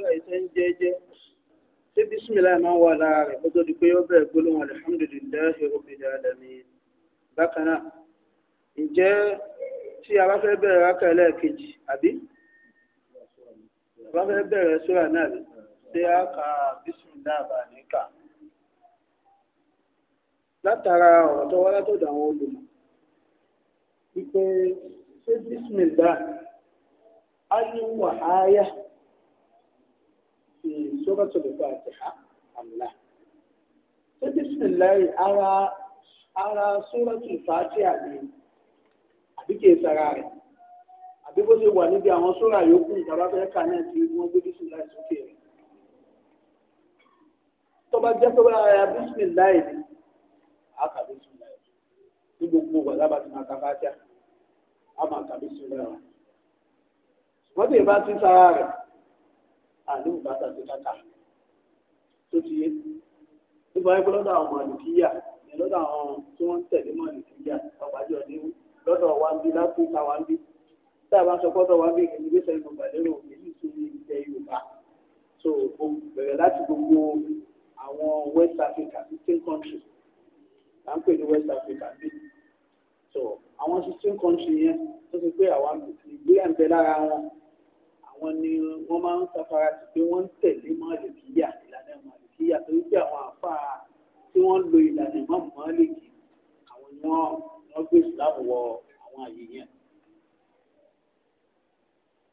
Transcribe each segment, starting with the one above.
àdúrà yìí ṣe ń jẹ́jẹ́ ṣé bísímìlá máa ń wà lára rẹ̀ kó tó di pé ó bẹ̀rẹ̀ gbólóhùn alihamudulilayi rabbil alamin bákan náà ǹjẹ́ tí a bá fẹ́ bẹ̀rẹ̀ rákà ẹlẹ́ẹ̀kejì àbí a bá fẹ́ bẹ̀rẹ̀ sóra náà rí ṣé a kà bísímìlá bá látara ọ̀rọ̀ tó wá látọ̀dọ̀ àwọn olùmọ̀ wípé ṣé bísímìlá ayé wà áyà ti suratul Fatiha àmìlà. ṣé bísímìláì ara ara suratul Fatiha ni àbí kìí sara rẹ̀ àbí bó ṣe wà níbi àwọn sóra yòókù ìjọba fẹ́ kà náà ti wọ́n gbé bísímìláì sókè rẹ̀. tó bá jẹ́ tó bá ara bísímìláì ni àá kà bísímìláì ní gbogbo wàlá bá ti máa ka Fatiha àá máa kà bísímìláì rẹ̀. wọ́n ti bá ti sara rẹ̀ àní bùkátà sí káka tó ti yé nígbà wípé lọ́dọ̀ àwọn màlìkíyà ní lọ́dọ̀ àwọn tí wọ́n ń tẹ̀lé màlìkíyà ọ̀gbájọ́ ní lọ́dọ̀ wa ń bí láfíríkà wa ń bí tá a bá sọ pọ́tọ̀ wa ń bí ìgbésẹ̀ ìgbésẹ̀ Yorùbá lérò èyí tó ní ìgbẹ́ Yorùbá so bẹ̀rẹ̀ láti gbogbo àwọn West Africa fifteen country. là ń pè ní West Africa bí so àwọn fifteen country yẹn tó ti pé àwọn ń bẹ lára wọ́n ní wọ́n máa ń safara sí pé wọ́n ń tẹ̀lé Màlíkíyà ìlànà Màlíkíyà torí pé àwọn àfáà tí wọ́n lo ìlànà Ìmáàmù Málíkì àwọn ni wọ́n wọ́n gbé ìsìláàmù wọ àwọn àyè yẹn.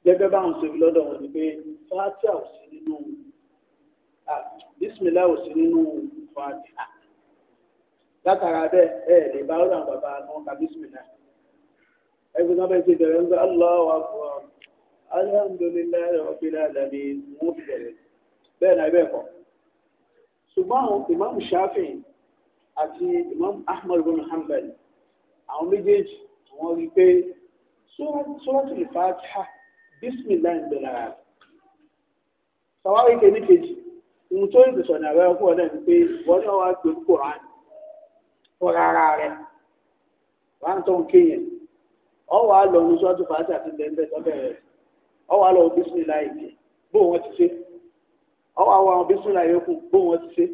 gẹ́gẹ́ báwọn ṣe fi lọ́dọ̀ wọn ni pé fàtíà ò sí nínú bísímìlá ò sí nínú fàtíà látara bẹ́ẹ̀ ẹ̀ lè bá ọ̀dọ̀ àwọn bàbá bísímìlá ẹgbẹ́ alihamudulilayi ọ̀bìnrin àdàbí wọ́n fi bẹ̀rẹ̀ bẹ́ẹ̀ náà bẹ́ẹ̀ kọ́ ṣùgbọ́n àwọn ìmáàmù Ṣáfi'í àti ìmáàmù Ahmad bin Hanbal àwọn méjèèjì àwọn rí i pé suratul Fatiha bisimilayi ń bẹ̀rẹ̀ rà sàwárí kejì kejì ohun tó ń sọ̀nà àwẹ̀ ọkọ̀ náà ni pé wọ́n ní wàá gbé Qur'an fún rárá rẹ̀ wàá tó ń kéèyàn ọ̀wọ́ àlọ́ ohun suratul Fatiha àti bẹ́ẹ̀ bẹ́ẹ̀ tó bẹ̀rẹ̀ rẹ̀ ọwọ́ àlọ́ bísúnìlá ìjẹ́ bó wọn ti ṣe ọwọ́ àwọn àwọn bísúnìlá yòókù bó wọn ti ṣe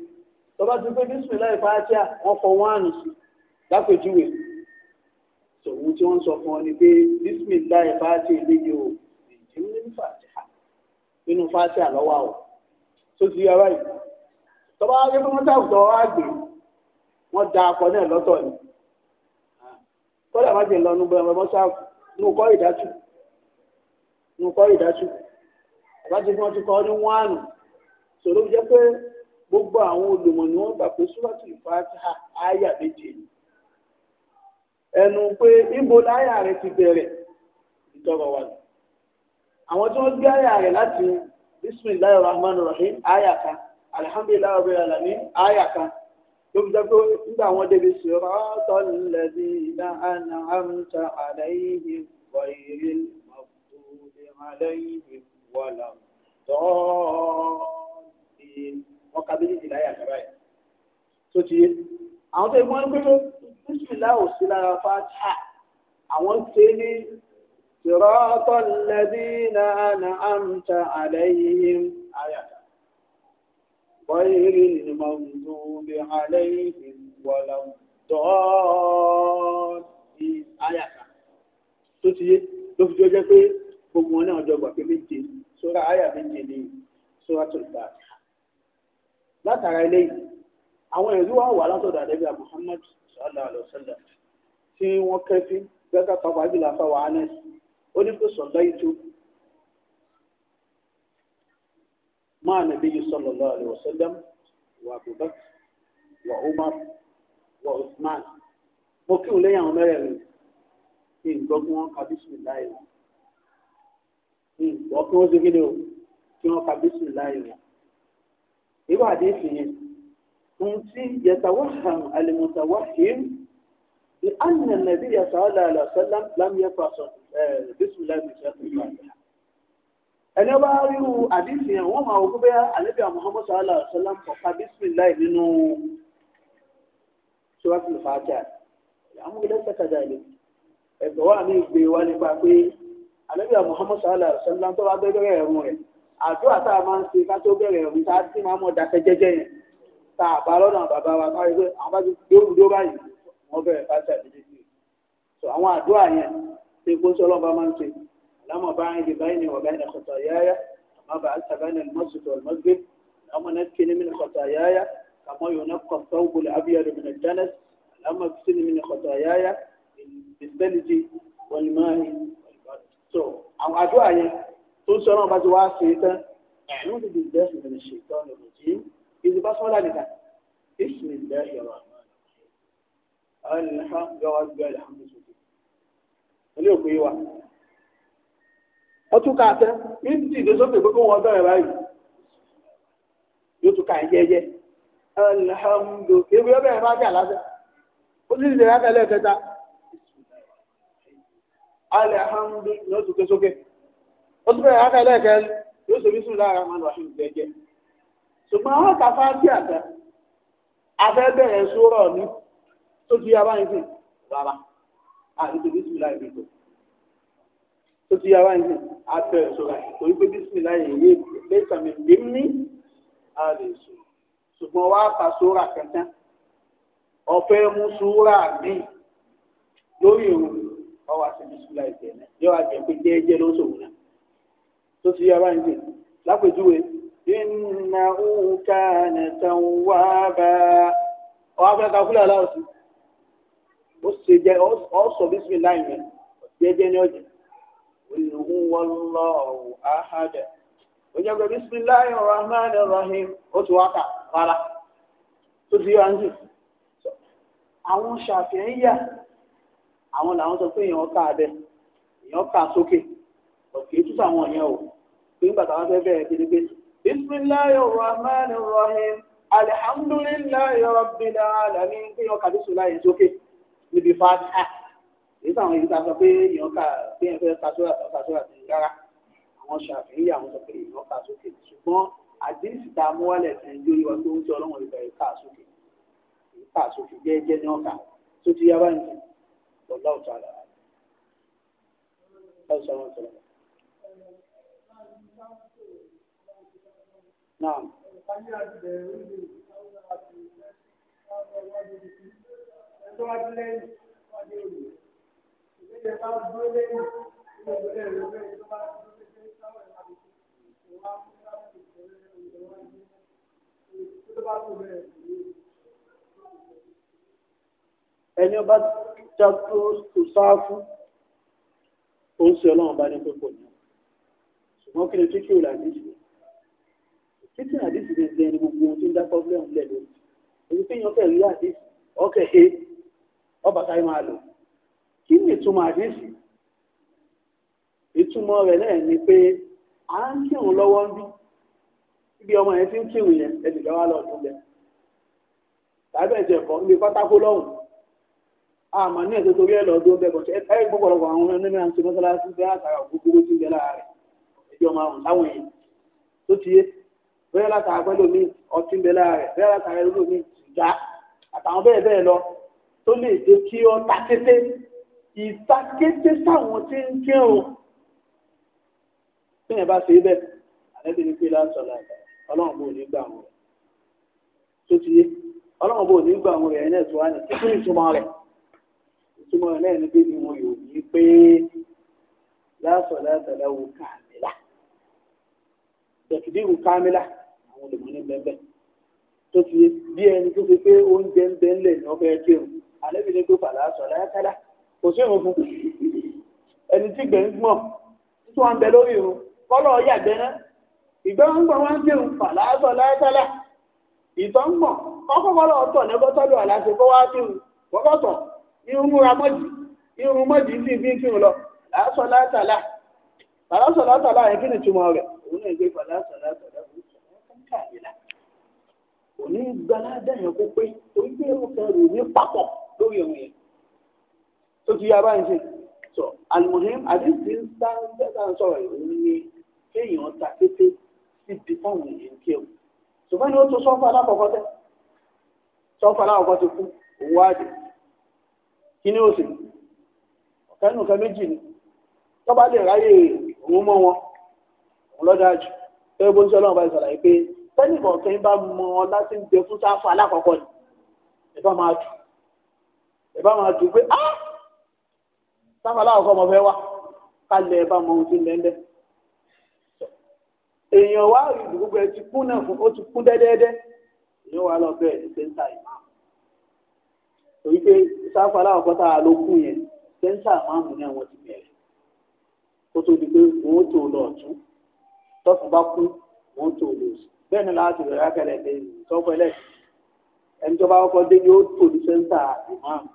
tọ́ba ti pé bísúnìlá ìfàtíà wọ́n fọ wọ́n àrùn sí lápèjúwe sòwò tí wọ́n sọ fún ọ ni pé bísúnìlá ìfàtíà eléyìí o èyí ń ní fàtíà nínú fàtíà lọ́wọ́ àwọ̀ tó ti yára yìí tọ́ba wá gbé fún wọn táwùtọ̀ wá gbé wọ́n da akọ náà lọ́tọ̀ ni kọ́lá má ti lọ nù ní kọ́ ìdájú àbájú fún ọtí kọ́ ní wánù sọ̀rọ̀ jẹ́ pé gbogbo àwọn olùmọ̀ ni wọ́n gbà pé súrọ́tì ìfàtà àyà méje ni ẹnu pé ibo láyà rẹ ti ìjọba bisimilayi rahman rahim àyà kan alihamdulilayi àyà kan nígbà wọn débi sọ̀rọ̀ ọ̀tọ̀ náà عليهم ولا الضالين wọ́n ka méjèèjì láyà àgbà yẹn tó ti yé àwọn tó ìmọ̀ pé bísímìlá ò sí lára fáta àwọn ṣe ní sirata alladhina an'amta alayhim ayàtà wáyé ní mọ̀mùdúnbí alayhim wala dọ́ọ̀dì ayàtà tó ti yé ló fi jẹ́ pé gbogbo wọn náà jọ gbà pé méje sóra àyà méje ní sóra tó gbà. látara eléyìí àwọn ẹ̀rí wa wà látọ̀dọ̀ àdẹ́bíà Muhammad sallallahu alayhi wa sallam tí wọ́n kẹ́fí gbẹ́ka pàápàá jùlọ afáwà anes ó ní kó sọ̀dọ̀ ìtú máa nàbí yìí sallallahu alayhi wa sallam wà Abubakar wà Umar wà Usman mo kí òun lẹ́yìn àwọn mẹ́rẹ̀ẹ̀rin kí n gbọ́ kí wọ́n ka bísí láì wọ́n ìgbọ́ hmm, kí wọ́n ṣe kí ni o kí wọ́n ka bísí láàyè wọn. ìwà àdéhùn yẹn ohun tí yatawaham alimutawahim ni anna nabi yasala alasala lam yafa sọ bísí láàyè sẹ́kùn ìgbà ẹni ọba ríru àdéhùn yẹn wọ́n máa wọ́n bẹ́ẹ̀ alẹ́bí Muhammad sallallahu alaihi wasallam kọ̀ọ̀ka bísí láàyè nínú sọ́wọ́sì fàájà àmúgbẹ́lẹ́sẹ̀ kàdá ẹ̀ ẹ̀gbọ́n àlẹ́bíà muhammad sallallahu alayhi wa sallam tó bá bẹ̀rẹ̀ ẹ̀rùn rẹ̀ àdúrà tá a máa ń ṣe ká tó bẹ̀rẹ̀ ẹ̀rùn tá a ti máa mọ̀ dáṣẹ́ jẹ́jẹ́ yẹn tá a bá lọ́nà bàbá wa ká rí pé àwọn bá ti gbé olùdó báyìí wọ́n bẹ̀rẹ̀ bá ti àdéjẹ́ sí i so àwọn àdúrà yẹn tí kó sọ́lọ́ bá máa ń ṣe lámọ̀ bá ń di báyìí ní ọ̀gá ẹ̀ kọ̀tà yáyá àmọ́ bá àtàbáyé ní mọ́sùtò ọ̀lmọ́gbé àmọ́ náà kí ni mí ní kọ̀tà yáyá àmọ́ yóò náà kọ̀ sọ́wọ́ gbọ́lẹ̀ mi ní jánẹ́sì àmọ́ kí ni kọ̀tà yáyá ìbísẹ́lì so àwọn àdúrà yẹn tó ń sọ náà bá ti wá ṣe é tán ẹ̀ẹ́nú ti di ìdẹ́sùn ìbẹ̀rẹ̀ ṣe tán lòdì sí ìdí básọ́lá nìkan ìsìn ìdẹ́ ìrọ̀ àmọ́ ọtún ká tẹ ní ti ìdésókè pé kó wọn bẹ̀rẹ̀ báyìí yóò tún ká jẹjẹ alhamdu ebi ọbẹ yẹn máa bẹ àlásẹ ó sì ti tẹ alhamdu ni ó tún ké sókè ó tún bẹ̀rẹ̀ rákà ẹlẹ́ẹ̀kẹ́ yóò ṣe bísí lára máa lọ àfihàn jẹjẹ ṣùgbọ́n àwọn kàfá sí àgbà abẹ́bẹ̀rẹ̀ sórọ̀ ní tó ti yára yín sìn rárá àdìsí bísí láì bí tó tó ti yára yín sìn abẹ́rẹ̀ sórọ̀ torí pé bísí láì yé lẹ́sàn mi bí ní àdìsí ṣùgbọ́n wàá fà sórà kankan ọ̀fẹ́ mú sórà míì lórí ìrùn ọwọ́ àti bisimilá ìtẹ̀ náà yóò àjẹ pé jẹ́ẹ́jẹ́ ló sòwò náà tó ti yára ń sè lápèjúwe iná òǹkà nìkan wá bá ọ afẹ́ka fúlẹ̀ aláwọ̀sí ó ṣe jẹ ọ sọ bisimilá ìmẹ̀ jẹ́ẹ́jẹ́ ní ọ̀jẹ̀ olùhùn wọn lọ́ọ̀ọ́ àhàdẹ̀ ó jẹ́ pé rahman rahim ó ti wá kà rárá tó ti yára ń sè àwọn ṣàfihàn yà àwọn làwọn sọ pé èèyàn ká abẹ èèyàn ká sókè òkè tútù àwọn yẹn o pé nígbà táwọn fẹ́ bẹ̀rẹ̀ kedegbe. bisimilayi rahman rahim alihamdulilayi rabbil alamin pé èèyàn kàdé sùn láyé sókè níbi fàtà èyí táwọn èyí tá a sọ pé èèyàn ká pé èèyàn fẹ́ kásóra kásóra sí i rárá àwọn ṣàfihàn yà wọ́n sọ pé èèyàn ká sókè ṣùgbọ́n àdéhùn tá a mú wálẹ̀ fún ẹjọ́ yìí wá pé ń tẹ ọlọ́run ìgbà yìí ká sókè ká sókè jẹ́ẹ́jẹ́ ní ọ̀kà tó ti yá báyìí والله تعالى أعلم أو سلام سلام نعم ẹni ọba jágbó ìsáfú ó ń se ọlọ́run bá ní pípọ̀ ní ṣùgbọ́n kí ni tí kí o là ní ìṣẹ́ títí àdìsí lè jẹ́ ní gbogbo ohun tí ń dá pọ́blẹ́mù lẹ̀ lórí èyí tí yan fẹ́ rí àdìsí ọkẹ́ he ọba táyé máa lò kí ni ìtumọ̀ àdìsí ìtumọ̀ rẹ̀ náà ni pé à ń kírun lọ́wọ́ ń bí ibi ọmọ yẹn ti ń kírun yẹn ẹnìkan wá lọ ọdún tàbí ẹ̀jẹ̀ kọ́ níbi pátákó lọ́hùn-ún àmọ́ ní ẹ̀sẹ̀ torí ẹ̀ lọ dúró bẹ́ẹ̀ bọ̀tẹ́ ẹ̀ gbọ́pọ̀lọpọ̀ àwọn onímọ̀ àti mọ́sálásí bẹ́ẹ̀ àtàrà gbogbo tí ń bẹ láàárẹ̀ ẹjọ́ máa hùn láwọn èèyàn tó ti yé bẹ́ẹ̀ látara pẹ́lú mi ọtí ń bẹ láàárẹ̀ bẹ́ẹ̀ látara pẹ́lú mi sìgá àtàwọn bẹ́ẹ̀ bẹ́ẹ̀ lọ tó lè jẹ́ kí ọ ta kété ìta kété sáwọn tí ń kírun bí yẹn bá ṣe bẹ́ẹ̀ àlẹ́bí ni pé lásọ̀lá ọlọ́run bò ní gbà wọn rẹ̀ tó ti yé ọlọ́run bò ní gbà wọn rẹ̀ ẹ̀ náà tó wá ní kíkún ìtumọ̀ rẹ̀ ìtumọ̀ náà ní bíbí wọn yóò ní pé láàṣọ látàlá wo káàmìlà tẹ̀kídì wo káàmìlà àwọn olùkọ́ ní bẹ́ẹ̀ tó ti bí ẹni tó fi pé oúnjẹ ń bẹ́ẹ̀ lẹ̀ ní ọbẹ̀ kírun àlẹ́bí ní pé fàlàṣọ látàlá kò sí òun fún ẹni tí gbẹ̀ ń gbọ̀n tó wọn bẹ lórí irun kọ́lọ̀ yàgbẹ́ náà ìgbẹ́ wọn gbọ̀n wọn kírun fàlàṣọ látàlá ìtọ́ ń gbọ̀n kọ́kọ́ kọ́lọ̀ ọ̀tọ̀ irun múra mọ́jì irun mọ́jì sí ibi kírun lọ làásọ̀ látàlá làásọ̀ látàlá yẹn kí ni túmọ̀ rẹ̀ òun náà gbé làásọ̀ látàlá òní gbalada yẹn kó pé torí pé ó kẹrù ní papọ̀ lórí ọ̀hún yẹn tó ti yá báyìí ṣe sọ alimohim àdéhùn ń sá ń bẹ́ẹ̀ ń sọ̀rọ̀ ìròyìn ni kéèyàn ta kété síbi táwọn èèyàn kí ẹ̀wọ̀n ṣùgbọ́n ni ó tó sọ́fà alákọ̀ọ́kọ́ tẹ́ sọ́fà alákọ̀ọ́kọ́ ti kú òun wá dé kí ni ó sì ọ̀kan nínú nǹkan méjì ni tó bá lè ráyè òun mọ́ wọn òun lọ́dọ̀ àjù tó bó ń sọ ọlọ́run bá ṣàlàyé pé tẹ́lẹ̀ kọ̀ọ̀kan bá mọ ọ láti ń bẹ fún sáfù alákọ̀ọ́kọ́ ni ẹ bá máa dù ẹ bá máa dù pé á sáfù alákọ̀ọ́kọ́ ọmọ fẹ́ wá kálẹ̀ ẹ bá mọ ohun tí ń lẹ́ńdẹ́ èèyàn wá rí gbogbo ẹ ti kún náà fún ó ti kún dẹ́dẹ́dẹ́ èèyàn wá lọ bẹ́ẹ̀ ní sẹ́ńtà ìmáà torí pé sáfù aláwọ̀kọ́tà ló kú yẹn sẹ́ńtà máàmù náà wọ́n ti bẹ̀rẹ̀ kó tó di pé wọ́n ó lọ ọ̀tún tọ́sùn bá kú wọ́n ó lọ sí bẹ́ẹ̀ ni láti rẹ̀ rákẹ́lẹ̀ dé sọ́kọ́ ẹlẹ́sìn ẹni tó bá kọ́kọ́ dé yóò tò ní sẹ́ńtà ìmáàmù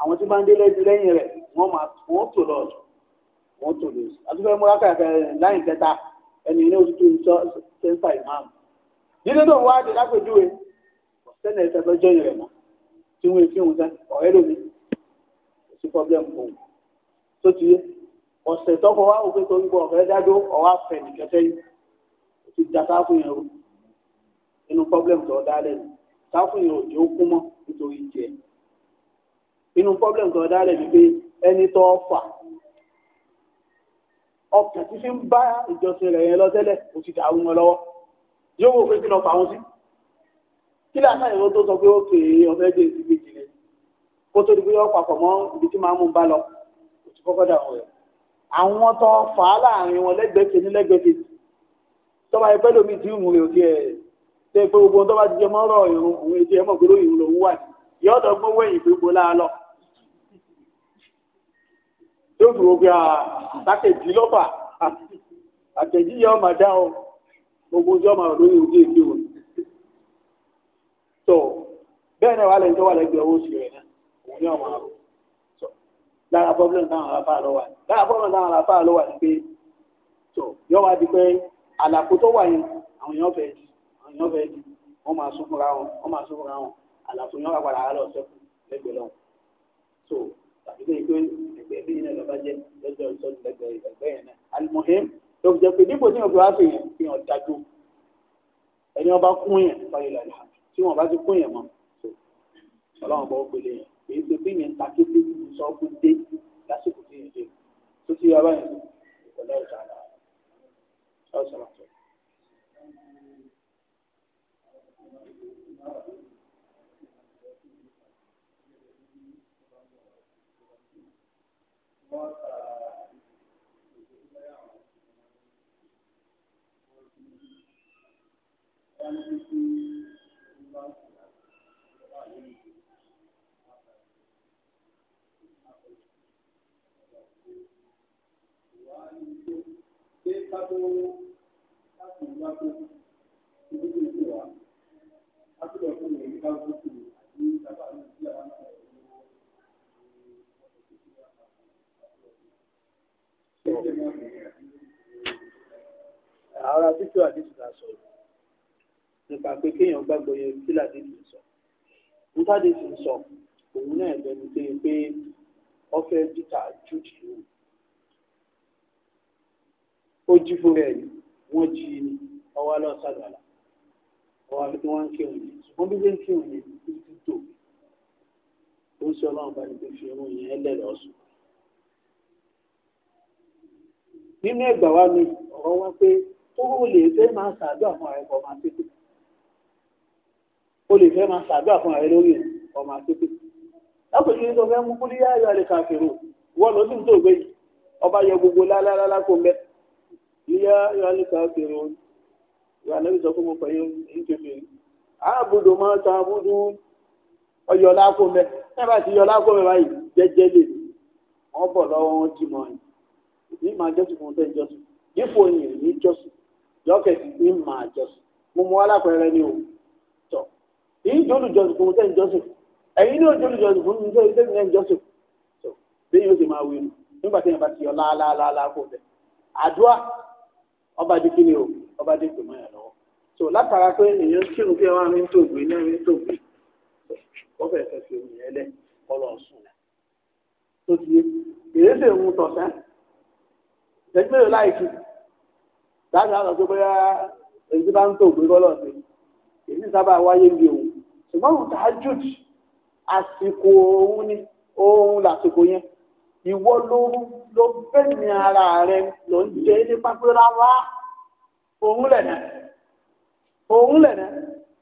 àwọn tí bá ń dé lẹ́jú lẹ́yìn rẹ̀ wọ́n máa wọ́n tò lọ ọ̀tún wọ́n tò lọ sí àtúfẹ́ mú rákẹ́lẹ̀ láyìn kẹta ẹni ní oṣù tó ń sẹ́ńtà ìmáàmù tí wọ́n fi òun sẹ́ni ọ̀rẹ́ lómi kò sí pọ́blẹ́mù òun tó ti yé ọ̀sẹ̀ tọ́kọ wa òfin torí bọ́ ọ̀fẹ́ dádó ọ̀wá fẹ̀ nìkẹ́tẹ́ yìí ó ti da káfù yẹn o inú pọ́blẹ́mù tó dá lẹ́nu káfù yẹn ò jẹ́ ó kú mọ́ nítorí jẹ inú pọ́blẹ́mù tó dá lẹ́nu pé ẹni tó fà ọkàn tí fi ń bá ìjọsìn rẹ̀ yẹn lọ tẹ́lẹ̀ ó ti dàrú wọn lọ́wọ́ yóò wò pé kí lọ fà wọn sí kí lásán ìró tó sọ pé ó pè é ọ̀fẹ́ dé ibi kejì rẹ̀ kó tó di pé ó papọ̀ mọ́ ibi tí màá mú un bá lọ kò sí kọ́kọ́ dà wọ́n rẹ̀ àwọn tó fà á láàrin wọn lẹ́gbẹ̀ẹ́ kejì lẹ́gbẹ̀ẹ́ kejì tọ́ba ẹgbẹ́ lómi tí ìmú rẹ̀ ò tiẹ̀ tẹ́ pé gbogbo tó bá ti jẹ mọ́ ọ̀rọ̀ ìrún òun ètò ẹ̀mọ́ gbèrò ìrún lòún wà ní yọ́dọ̀ gbówó ẹ̀yìn gbogbo láàlọ́ yóò dúró pé àtàkèjì lọ́fà àtẹ̀jí yọ ọmọ dá ọ gbogbo ọjọ́ ọmọ lórí òde èdè òní so bẹ́ẹ̀ náà wà lẹ́yìn tó wà lẹ́gbẹ̀ẹ́ owó sí rẹ̀ náà òun ní ọmọ àrò so lára problem táwọn aráfà ló wà lára problem táwọn aráfà ló wà ní pé so yóò wá di pé àlàkó tó wà yẹn àwọn èèyàn fẹ́ di àwọn èèyàn fẹ́ di wọ́n máa sún fúnra wọn wọ́n máa sún fúnra wọn àlàfo yẹn wà padà lọ sẹ́kù lẹ́gbẹ̀ẹ́ lọ́wọ́ so tàbí pé pé ẹgbẹ́ bí yẹn lọ́ba jẹ́ lọ́jọ́ ìtọ́jú lẹ́gbẹ̀ẹ́ ẹgbẹ́ yẹn náà alimohim tó fi jẹ́ pé dípò tí yẹn fi wá sí yẹn fi hàn dájú ẹni ọba kún yẹn báyìí lọ́la tí wọ́n bá ti kó yẹn mọ́ ọlọ́run bọ́ gbélé yẹn èyí tó bí yẹn ń ta kété sọ kó dé lásìkò tí yẹn dé tó ti yọba yẹn ìpínlẹ̀ ọ̀tá àlà ọ̀sán àtọ̀. Thank you. kátó láti ìlú àpò ìlú tó ti wà láti lọ fún ìlú káwọn tó ti àti sábà ní ìlú àwọn ọmọ ìlú wọn ti ti wà láti lọ fún ìlú. ara títí àdìsí la sọ nípa pé kéèyàn gbàgbọ́ yẹn kí làdìsí sọ nípa àdìsí sọ òun náà ẹgbẹ́ ni pé ọfẹ́ dìtà jù jù lóhùn ó jí fún rẹ̀ ni wọ́n jí i ni ọwọ́ lọ sàgbàlá ọwọ́ àti wọ́n ń kírun yẹn ṣùgbọ́n bí wọ́n ń kírun yẹn ti ti tò ó ń sọ ọlọ́run bá ní pé fi irun yẹn lẹ̀ lọ́sùn. nínú ẹgbà wa mi ọ̀rọ̀ wá pé ó lè fẹ́ máa ṣàdúrà fún ààrẹ ọmọ àtẹ́kù ó lè fẹ́ máa ṣàdúrà fún ààrẹ lórí ọmọ àtẹ́kù lápòjú ní sọ fẹ́ mú kúlíyà ayọ̀ àlẹ́ kàfẹ́rù wọ́n lọ sí ní tòògbé yìí ọba yẹ gbogbo lálálálá kó mẹ́ta yíyá yálì káàkiri wọn ìwà náà sọ fún mi pé yín kébé àbùdó máa ta àbùdó ọyọ láàkó mẹ ẹ bá ti yọ láàkó mẹ báyìí jẹjẹ lè wọn bọ lọ́wọ́ wọn dì mọ yìí ní màá jọsìn fún tẹ jọsìn dípò yìí ní jọsìn jọkẹtì ní màá jọsìn mo mú alápẹrẹ ni o tọ èyí tó olùjọsìn fún tẹ jọsìn ẹ̀yin ní ojú olùjọsìn fún mi tẹ tẹ jọsìn tọ bẹ́ẹ̀ yóò ṣe máa wí nígbà tí yẹn bá ti yọ láàláàláà kó bẹ àdúrà ọba di kí ni o ọba di gbèmọ yẹn lọ́wọ́ so látara pé èèyàn kírun pé wọn á ní tògbé ní ẹni tògbé wọn fẹẹ fẹẹ fi omi yẹn lẹ kọlọ sùn lẹ tó ti yé èyí sì ń mú tọ̀sán ẹgbẹ́ yóò láì kí láti àlọ́ pé bóyá èyí bá ń tògbé kọlọ sí èyí sábà wáyé bí òun ṣùgbọ́n òun tàá jùd àsìkò òun ni òun làsìkò yẹn ìwọ ló ló bẹ́ẹ̀ni ara rẹ ló ń jẹ ní pápẹ́rẹ́ wá òun lẹ̀nà òun lẹ̀nà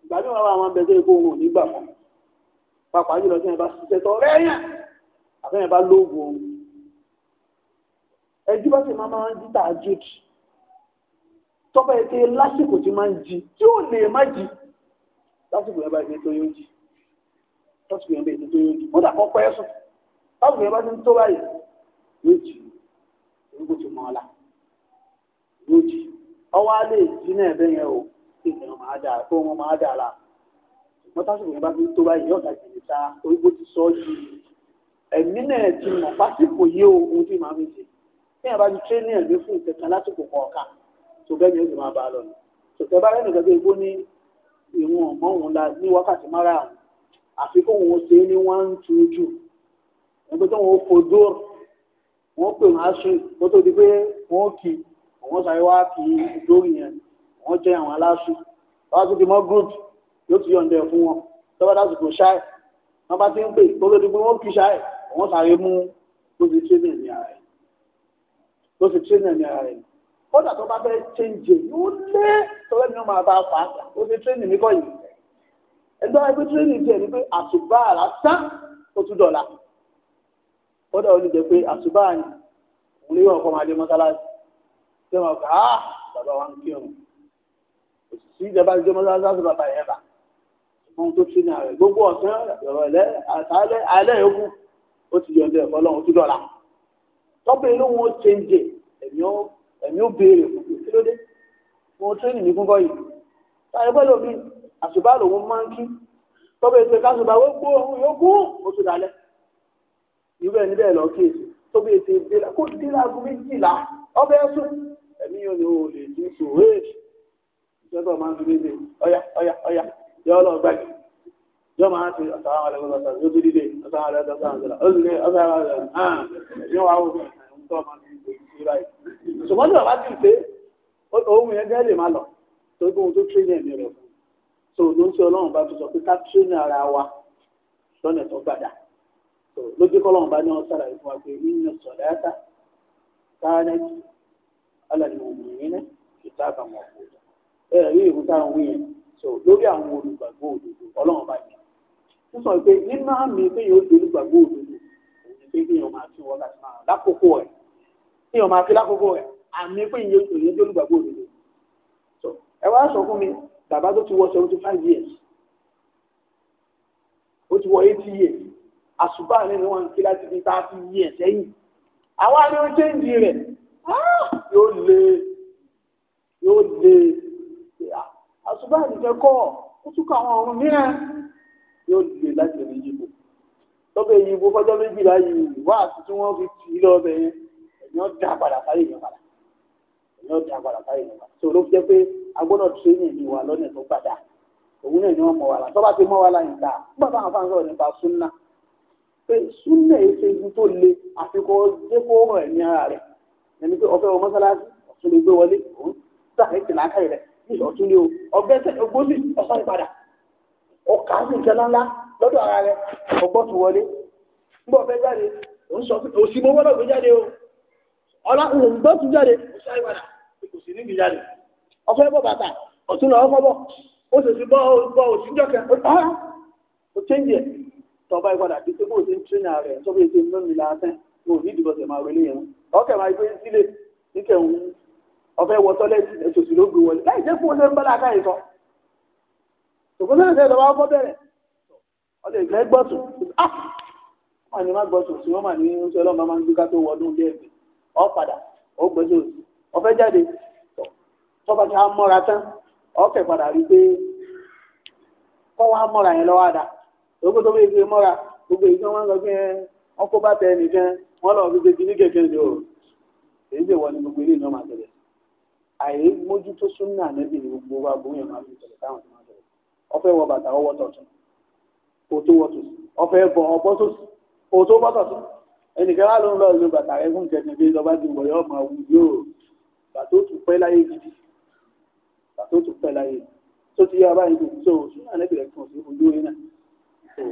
ìgbà tí wọn bá wọn bẹ tó ikú òun ò ní gbà fún pàpà jùlọ tí wọn bá ṣiṣẹ́ tọ rẹ́yìn àbẹ́yẹn bá lóògùn òun ẹjú bá sì máa máa ń jí tààjú tọ́pẹ́ ètè lásìkò tí máa ń jí tí ò lè má jí lásìkò yẹn bá ètè tó yóò jí lásìkò yẹn bá ètè tó yóò jí kódà kọ́ pẹ́ sùn táwọn èèyàn bá ti ń tó báyìí yóò jì orúkọ tó mọ́ ọ́lá yóò jì ọwọ́ á lè jí náà bẹ́ẹ̀ yẹn o kí máa dà kó wọn máa dà la ṣùgbọ́n táwọn èèyàn bá ti ń tó báyìí yóò dàgbé níta orúkọ ti sọ ọ́ ju ẹ̀mí náà ti mọ̀ pásítọ̀ yé o ohun tí màá fi ṣe kí èèyàn bá ti tréní ẹ̀mí fún ìkẹ̀kẹ́ lásìkò kọ̀ọ̀kan tó bẹ́ẹ̀ ni ó sì máa bá a lọ tòtẹ́ bá rẹ̀ nìkan igbó ní ìwọ̀n mọ́ la ní wákàtí márààrún àfikún òun ṣe é ní one two two nígbà tó wọn kò dúró wọn pè wọn aṣọ kó tó di pé wọn kì wọn sáré wá kì í dórí yẹn wọn jẹ àwọn aláṣọ wọn tún ti mọ group yóò ti yọ̀ǹda ẹ̀ fún wọn tọ́ba dásìkò ṣáì wọn bá ti ń pè kó tó di pé wọn kì ṣáì wọn sáré mú tó fi tírénì ní ara rẹ̀ tó fi tírénì ní ara rẹ̀ kódà tó bá fẹ́ ṣéǹjì yóò lé tọ́lẹ́ mi ó ni pé àtùbá àlá tán ó tún dọ̀la kódà ó lè jẹ́ pé àṣùbà ni òun lè wọ̀n kọ́ máa dé mọ́sálásí tí wọ́n kà á bàbá wa ń kírun òṣìṣẹ́ ìjọba ti dé mọ́sálásí bàbá yẹn bà ohun tó tún ní ààrẹ gbogbo ọ̀sán ìrọ̀lẹ́ àtàlẹ́ alẹ́ yòókù ó ti yọ̀ǹda ẹ̀kọ́ lọ́hùn tó dọ̀la tọ́pẹ́ inú wọn ṣe ń jẹ ẹ̀mí ó béèrè fún mi kí ló dé wọn tírénì ní irú ẹni bẹ́ẹ̀ lọ kíyèsí tó bí ètò ìdílà kó dílà aago méjìlá ọbẹ̀ ẹ̀sùn ẹ̀mí yóò ní o lè ti sùn wéèjì ìjọba máa ń fi léde ọ̀yà ọ̀yà ọ̀yà yọ ọ lọ gbàgbé yọ máa ti ọ̀sán àwọn ẹlẹ́gbẹ̀ẹ́ ọ̀sán yóò ti dìde ọ̀sán àwọn ẹlẹ́gbẹ̀ẹ́ ọ̀sán àgbẹ̀lá ó sì lé ọ̀sán àwọn ẹlẹ́gbẹ̀ẹ́ hàn yóò wá wò ṣùgbọ́n tí bàbá ti pé ohun yẹn gẹ́lẹ̀ máa lọ torí pé ohun tó tréní ẹ̀mí rẹ̀ fún un tó ló ń ṣe ọlọ́run bá ti sọ pé ká tréní ara wa lọ́nà tó gbàdá lójú kọ́lọ́n bá ní wọn sára ìfún wa pé nínú sọ̀dáàtà káánẹ́tì alàlùmọ̀ọ́mìnínẹ́ ìta àbàmọ̀ òkúta ẹ rí ìwú tá à ń wí yẹn so lórí àwọn olùgbàgbọ́ òdodo ọlọ́run bá yẹn ó sọ pé nínú àmì pé yóò di olùgbàgbọ́ òdodo òun ni pé kéèyàn máa fi wọ́n láti máa lákòókò ẹ̀ kéèyàn máa fi lákòókò ẹ̀ àmì pé yóò di olùgbàgbọ́ òdodo so ẹ wá sọ fún mi bàbá tó ti wọ seventy five years ó ti wọ eighty years àṣùbà rẹ̀ ni wọ́n ń kí láti fi tá fi yí ẹ̀ sẹ́yìn àwa ni ó chéǹdì rẹ̀ ah! yóò lé yóò lé àṣùbà nìkan kọ́ ó tún kọ àwọn ọ̀run mìíràn yóò lé láti rí yíbo lọ́bẹ̀ yíbo fọjọ́ méjìlá yìí wá àti tí wọ́n fi tì í lọ́bẹ̀ yẹn ẹ̀yàn dá padà sáyé yẹn padà ẹ̀yàn dá padà sáyé yẹn padà tó jẹ́ pé a gbọ́dọ̀ tírénì mi wà lọ́nà tó gbàdá òun náà ni wọ́n mọ̀ wà lá tọ́ bá ti mọ̀ wà lá yìí dáa nígbà táwọn fáwọn nípa súnà pé súnlẹ̀ ṣe ibi tó le àfikọ́ jẹ́ kó rọ̀ ẹ̀mí ara rẹ̀ ẹni pé ọ̀fẹ́ wọn mọ́sálásí ọ̀tún lè gbé wọlé òun sáré tì láàkàyè rẹ̀ ní ọ̀tún ni o ọ̀bẹ tẹ̀lé gbósì ọ̀sán ìpadà ọ̀kà sí ìjẹlá ńlá lọ́dọ̀ ara rẹ̀ ọgbọ́n ti wọlé ńgbọ́ fẹ́ jáde òun sọ pé òsì mo gbọ́dọ̀ gbé jáde o ọlá òun gbọ́ tún jáde ọ̀sán ìpadà kò sì níbi jáde ọ̀fẹ́ bọ̀ bàtà ọ̀tún lọ́wọ́ fọ́ bọ̀ ó sì ti bọ́ òsì jọ́kẹ́ ó tọba ìpadà bíi pé bó o ti ń tírínà rẹ̀ tọ́ba ètò iná mi lásán mo ò ní ìdìbò tẹ̀ máa wọlé yẹn ọkẹ́ máa gbé sílé níkẹ́ òun ọ̀fẹ́ wọ tọ́lẹ́tì ẹ̀sùn sì ló gbé wọlé láì jẹ́ fún olóyún bọ́lá káyìí sọ ṣùgbọ́n náà sẹ́yìn lọ́wọ́ bẹ̀rẹ̀ ọ̀lẹ́ ìgbẹ́ gbọ́tù ah wọ́n ní má gbọ́tù sí wọ́n mà ní oúnjẹ ọlọ́mọ máa ń gbé ká tó wọdún bí ẹ̀gbẹ́ ọ̀ padà ó gbẹ́jọ́ òsì ọ̀fẹ́ jáde tọ́ba ti á mọ́ra tán ọ̀kẹ́ padà rí pé kọ́ wa mọ́ra yẹn lọ́wọ́ dáa òkú tó bẹ́ẹ̀ gbé mọ́ra gbogbo èyí tí wọ́n lọ gbé wọn kó bá tẹ ẹnìkan wọ́n lọ fi gbégi ní kẹ̀kẹ́ ni o èyí tẹ̀ wọ ni gbogbo ilé ìnáwó máa tẹ̀lé àyè mójútó súnà níbi gbogbo wa bóyá máa fi tẹ̀lé táwọn ti máa tẹ̀lé ọfẹ́ wọ bàtà ọwọ́ tọ̀tún òtó wọ tòsí ọfẹ́ bọ̀ ọbọ̀ tòsí òtó bọ̀ tọ̀tún ẹnìkan wà ló ń lọ lu bàtà rẹ fún kẹ̀kẹ́ bí lọ́ba ti wọ̀ yọ máa wù yóò bàtó tù pẹ́ láyé gidi bàtó tù pẹ́ láyé tó ti yá báyìí tó súnà níbi rẹ̀ fún òsì ojú orin so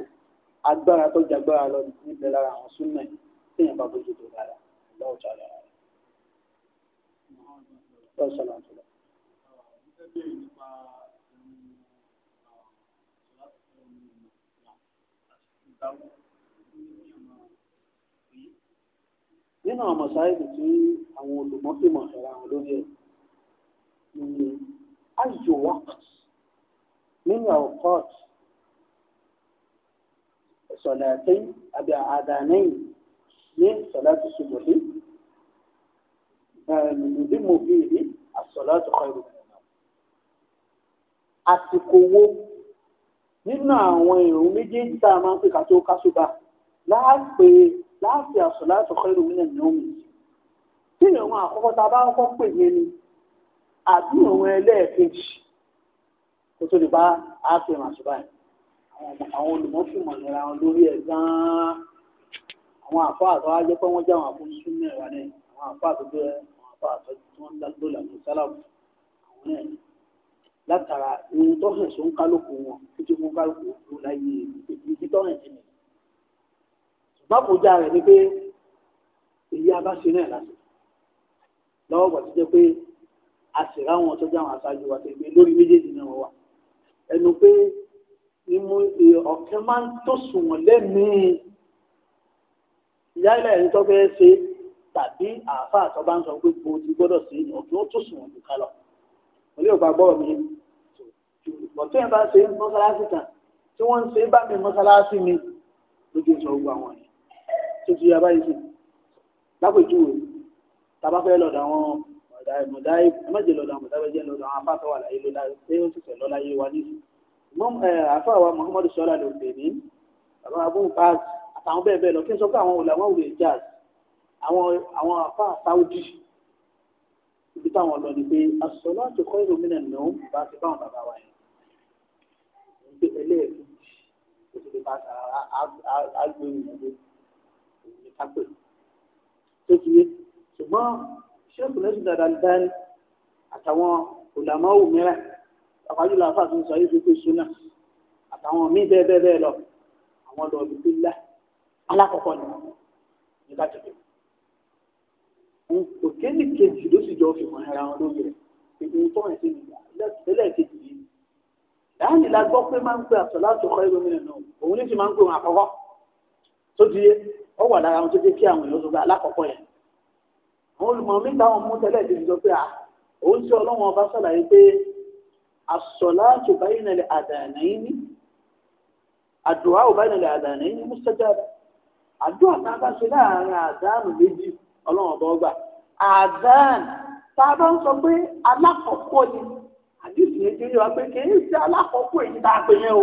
agbára tó jagbára lọ níbẹ̀ lára àwọn súnmọ̀ téèyàn bá bójú tó dára lọ́wọ́ tó ara rẹ̀ lọ́wọ́ sọ̀rọ̀ àtúntò. nínú àwọn mọ̀sáìdì tí àwọn olùmọ́fìmọ̀ ẹ̀rọ àwọn lórí ẹ̀ ni ayò nínú àwọn kọ́ọ̀tù صلاتين أبي آذانين من صلاة الصبح نلم فيه الصلاة خير من النوم àsìkò wo nínú àwọn ìrun méjèèjì tá a máa ń pè ká tó kásùbà láàpè láàpè as-salatu khairu minan nawm tí ìrun àkọ́kọ́ tá a bá kọ́kọ́ pè yẹn ni àbí ìrun ẹlẹ́ẹ̀kejì kó tó lè bá àwọn olùmọ́fìmọ̀ nira wọn lórí ẹ̀ gan-an àwọn àfáà àtọ́ á jẹ́ pé wọ́n jẹ́ àwọn àfúnṣú mẹ́wàá náà àwọn àfáà tó bẹ́ẹ̀ àwọn àfáà àtọ́ tí wọ́n ń dá lóla ní sálàmù àwọn náà látara ohun tó hàn sí oníkálukú wọn títí fún kálukú òkú láyé ibi tó hàn sí ni ṣùgbọ́n kò já rẹ̀ ni pé èyí abáṣe náà láti lọ́wọ́ gbà tó jẹ́ pé a sì ráwọn tó jẹ́ àwọn aṣáájú wa tẹ̀lé lórí méjèèjì náà wà ẹnu pé ìmú ọ̀kẹ́ máa ń tó sùnwọ̀n lẹ́mìí yálẹ̀ ẹni tó fẹ́ ṣe tàbí àáfàá tó bá ń sọ pé kò ti gbọ́dọ̀ sí ìnà tó tó sùnwọ̀n jù ká lọ. mo lè gbà gbọ́ mi bọ̀tún yẹn bá ṣe mọ́sálásí kan tí wọ́n ń ṣe bá mi mọ́sálásí mi lójú sọ gbogbo àwọn yẹn tó ti yá báyìí sí lápèjúwe tàbá fẹ́ lọ́dọ̀ àwọn mọ̀dáì mọ̀dáì ẹ má jẹ́ lọ́dọ̀ àwọn mọ̀dáì bẹ́ẹ̀ jẹ́ lọ́dọ̀ àwọn afáfẹ́ wà láyé lọ́láyé ó sì fẹ́ lọ́láyé wa nísìnyí Eh, àfọwà muhammadu sọlá ló lè ní bàbá abúlé baz àtàwọn bẹ́ẹ̀ bẹ́ẹ̀ lọ kí n sọ pé àwọn olè àwọn olè jazz àwọn àwọn àfa sáúdì ibi táwọn lọ ni pé asọlá ti kọ́ ìlú mi nàá bá ti bá àwọn bàbá wa yẹn ní pé ẹlẹ́ẹ̀kejì kò sì lè bá àgbẹ̀ ìrìnàjò òun ní kápẹ́ tó ti yé ṣùgbọ́n ṣé kùnẹ́sì dáadáa dáa àtàwọn olè àmọ́ òmíràn àfájúlọ àfáà tó ń sọ yìí fi kú súnà àtàwọn míì bẹ́ẹ̀ bẹ́ẹ̀ bẹ́ẹ̀ lọ àwọn lọ bí bílá alákọ̀ọ́kọ́ ni wọ́n ní ká tẹ̀lé wọn kò kéde kejì ló sì jọ fi mọ ara wọn lórí rẹ̀ ètò ìtọ́ ẹ̀ sí nìyà lẹ́tẹ̀lẹ́ kejì yìí láàyè la gbọ́ pé máa ń pè àtọ̀ láti ọkọ̀ ẹgbẹ́ mìíràn náà òun ní ti máa ń pè wọn àkọ́kọ́ tó ti yé ọ wà lára wọn tó jẹ́ kí àwọn èèyàn tó gba alákọ̀ọ́kọ́ yẹn àwọn olùmọ̀ mi táwọn mú tẹ́lẹ̀ kejì sọ pé à òun tí ọlọ́wọ́n ọba sọ̀làyé pé as-salatu bayna al-adhanayni àdùá ò bayna al-adhanayni mustajaba àdùá tá a bá ṣe láàrin àdánù méjì ọlọ́run ọba ọgbà àdán tá a bá ń sọ pé alákọ̀ọ́kọ́ ni àdìsí yẹn ti rí wa pé kì í ṣe alákọ̀ọ́kọ́ èyí tá a pè yẹn o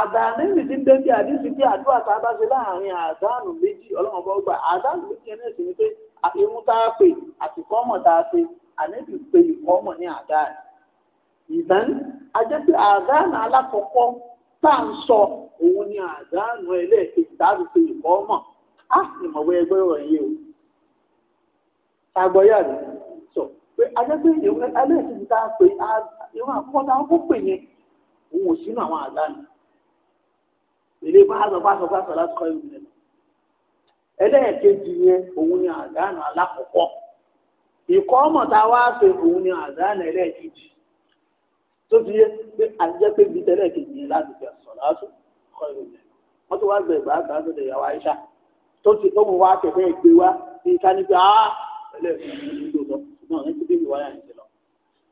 àdánù méjì ti ń dé bí àdìsí pé àdùá tá a bá ṣe láàrin àdánù méjì ọlọ́run ọba ọgbà àdánù méjì yẹn náà sì ni pé irun tá a pè àtìkọ́mọ̀ tá a pè ànẹ́bí pé ìkọ́mọ̀ ní àdánù ìdán ajẹ́pé àdánù alákọ̀ọ́kọ́ tá à ń sọ òun ni àdánù ẹlẹ́ẹ̀kejì tàbí ṣe ìkọ́ ọmọ á sì mọ̀ wẹ́ ẹgbẹ́ ọ̀rọ̀ yìí o. rẹ̀ sọ pé ẹlẹ́ẹ̀kejì tá a pè ìwé àkọ́kọ́ tá a kó pè yẹn òun ò sínú àwọn àdánù. èlé bá a sọ bá sọ bá sọ láti kọ́ ìwé rẹ̀ ẹlẹ́ẹ̀kejì yẹn ni àdánù alákọ̀ọ́kọ́ ìkọ́ tá tó ti yẹ pé àjẹ́ pé bíi tẹ́lẹ̀ kejì yẹn láti fẹ́ sọ̀rọ̀ àtún kọ́ ìrìn rẹ̀ wọ́n ti wá gbẹ̀ gbà gbà sọ̀rọ̀ ìyàwó àyíṣà tó ti tó mú wa tẹ̀fẹ́ gbé wa ní ká ní pé áá ẹlẹ́ ìlú lọ ṣùgbọ́n ní ti bí ìwà yà ń ṣe lọ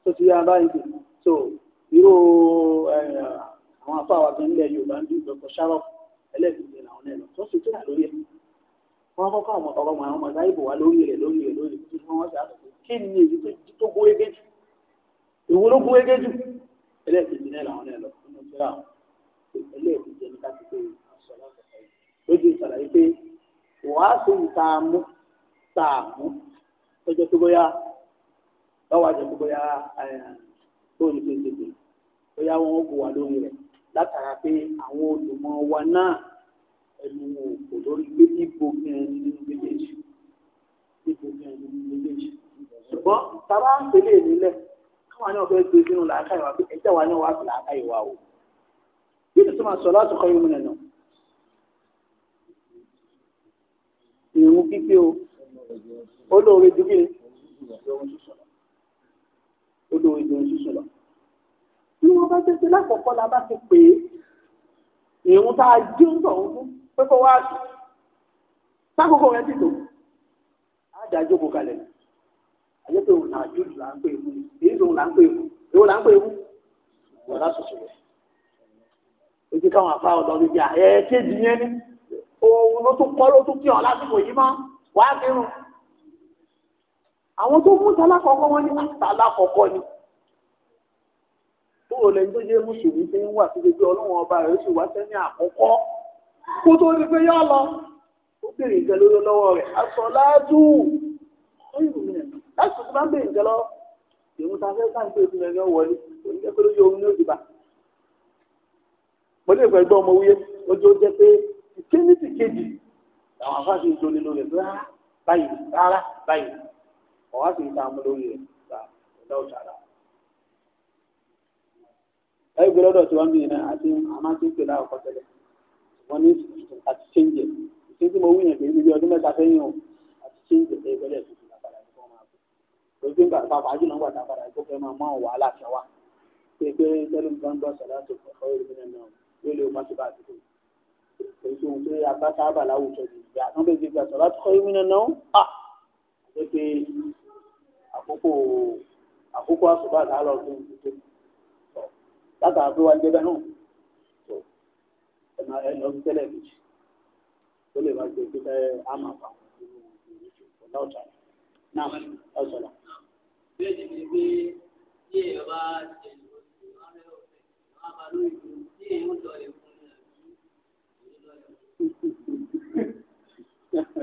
tó ti yẹ abáyé ti so irú àwọn afọ àwọn kan nílẹ̀ Yorùbá ń bí ìgbẹ́kọ̀ ṣáró ẹlẹ́gbẹ̀ẹ́ làwọn ẹ̀ lọ tó sì tún lórí ẹ̀ wọ́n kọ́kọ́ ọ̀rọ̀ àwọn ọmọ ìbò wa lórí rẹ̀ lórí rẹ̀ lórí rẹ̀ kí ni èyí tó gbówé gẹ́jù ìwo ló kún gẹ́gẹ́ jù ẹlẹ́ẹ̀kejì náà làwọn náà lọ nínú ìṣẹ́ra àwọn ẹlẹ́ẹ̀kejì ẹni káti pé aṣọ aláṣọ lójú ìṣàlàyé pé wàá sùn tá a mú tá a mú tọjọ tó bóyá báwa jẹ tó bóyá bóyá tó ń tètè bóyá wọn kò wà lórí rẹ látara pé àwọn olùmọ̀ wa náà ẹnu wọn kò lórí pé ibo gan nínú méjèèjì ibo gan nínú méjèèjì ṣùgbọ́n tá a bá ń pèlè nílẹ̀ wọn náà fẹ́ gbé sínú làákà ìwà pé ẹjẹ wa náà wà sí làákà ìwà o bí tuntun máa sọ láti kọ́ ìwé nìyẹn ìrún pípé o ó lóore dúkìá ó lóore dúkìá sísun lọ bí wọn bá tẹsẹ lákọ̀ọ́kọ́ la bá ti pè é ìrún tá a jí ń tọ̀ ń pé kó wá sùn sákòókò rẹ ti tò á dá jókòó kalẹ̀ nù àyẹ̀pẹ̀ òun là jùlù là ń pè mú èyí lòun là ń pè mú èwo là ń pè mú wọ́n lá sọ̀sọ̀ rẹ̀ ojú káwọn afá ọ̀dọ́ ló jẹ́ ẹ̀ kéèdì yẹn ni òun ló tún kọ́ ló tún kí ọ lásìkò yìí má wàá kírun àwọn tó mú tálákọ̀ọ́kọ́ wọn ní tálákọ̀ọ́kọ́ ni tó lẹ́ni tó jẹ́ mùsùlùmí ti ń wà sí pé ọlọ́run ọba rẹ̀ sì wá sẹ́ni àkọ́kọ́ kó tó rí pé yọ lọ ó bèrè nǹkan lórí lọ́wọ́ rẹ̀ aṣọ láàdù ó yìí láti tó bá ń bèèrè nǹkan lọ èmi ta fẹ́ sáà ń pè fún ẹgbẹ́ wọlé oníkẹ́ pé lójú oorun ní òdìbà mo lè gbẹgbẹ́ ọmọ wúyé lójú ó jẹ́ pé ìkéní ti kejì àwọn afáàṣì ń dolè lórí rẹ̀ rárá báyìí rárá báyìí ọ̀wá sì ń ta amú lórí rẹ̀ gbà ọ̀dà ọ̀ṣàrà. ẹ gbé lọ́dọ̀ tí wọ́n bí iná àti àmásí ń pè láwọn kọ́tẹ́lẹ̀ wọ́n ní àti ṣéǹjẹ̀ ìṣe tí mo wí yẹn ọdún mẹ́ta fẹ́yìn o àti ṣéǹjẹ̀ ẹ ojú ìgbà pàápàá jùlọ ń wà tábàdà kó fẹ́ máa mọ àwọn wàhálà ṣe wá pé pé tẹ́lẹ̀ nǹkan gbọ́ sọ̀rọ̀ àti ọ̀fọ́ ìrìn náà náà yóò lè má ti bá àdúgbò èyí ohun tó yà bá sábà láwùjọ ni ìgbà tó ń bẹ gbígbà sọ̀rọ̀ àti ọ̀fọ́ ìrìn náà náà à àti pé àkókò àkókò àsùbá làálọ̀ tó ń dúdú látà pé wá jẹ́bẹ̀ náà tó ẹ máa ẹ lọ sí tẹ́lẹ̀ méjì tó lè má gbé pípẹ́ àmàpà náà ọ̀sọ̀rọ̀ ìbéèrè mi pé tí èèyàn bá ṣe ìlú oṣù lọ́rẹ́ ọ̀sẹ̀ wọn á bá lórí ìlú tí èèyàn lọ lè fún ní àbí èèyàn lọ lè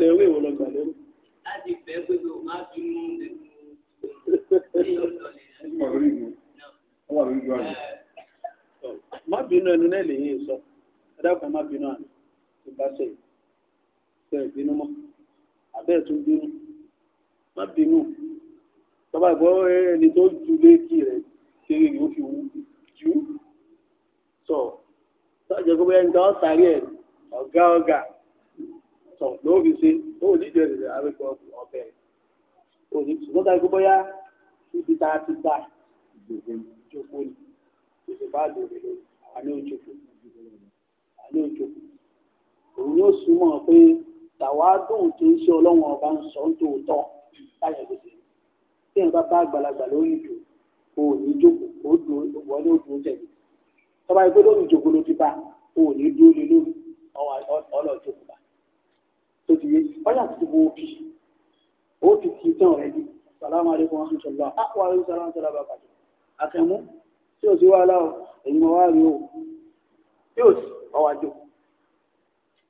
lọ́ọ̀lẹ̀ ewé ìwọ lọ gbà láti bẹ́ẹ̀ pé kò má fi mú lẹ́nu èèyàn lọ lè rẹ̀. má bínú ẹnu náà lè yín sọ ẹ má bínú àná ìbáṣẹ yìí ẹ̀ bínú mọ́ àbẹ́ ẹ̀ tún bínú má bínú tọ́ba ìbọ́ ẹni tó ju léèkì rẹ̀ ṣe é yóò fi wú jù ú sọ sọ́jà gbogbo ẹni tó sáré ẹ̀ ọ̀gá ọ̀gá sọ ló fi ṣe ó ní ìjọ ìrẹ̀lẹ̀ àrẹ́kọ̀ ọ̀bẹ̀ òní ṣùgbọ́n ká gbogbo yá títí tá a ti gbà jókòó ni ìṣèbá àdòrè lórí àní òjòkó àní òjòkó òun yóò súnmọ́ pé tàwádùn tó ń ṣe ọlọ́run ọba ń sọ ń tòótọ́ láyà lóde tí ẹ bá bá àgbàlagbà lórí ìdò o ò ní jókòó o dùn ìwọ ní òdùn tẹ̀lé tọ́ba ẹgbẹ́ lórí ìjókòó ló ti bá o ò ní dúró lé lórí ọlọ́ jókòó bá tó ti yé ọ̀yà ti wo òbí ó ti ti tán rẹ̀ ní sàlámù aleykum wa rahmatulah àpò àrùn sàlámù sàlámù àbàjẹ́ àtẹ̀mú tí o ti wá aláwọ̀ èyí mo wá rí o yóò sì ọwájú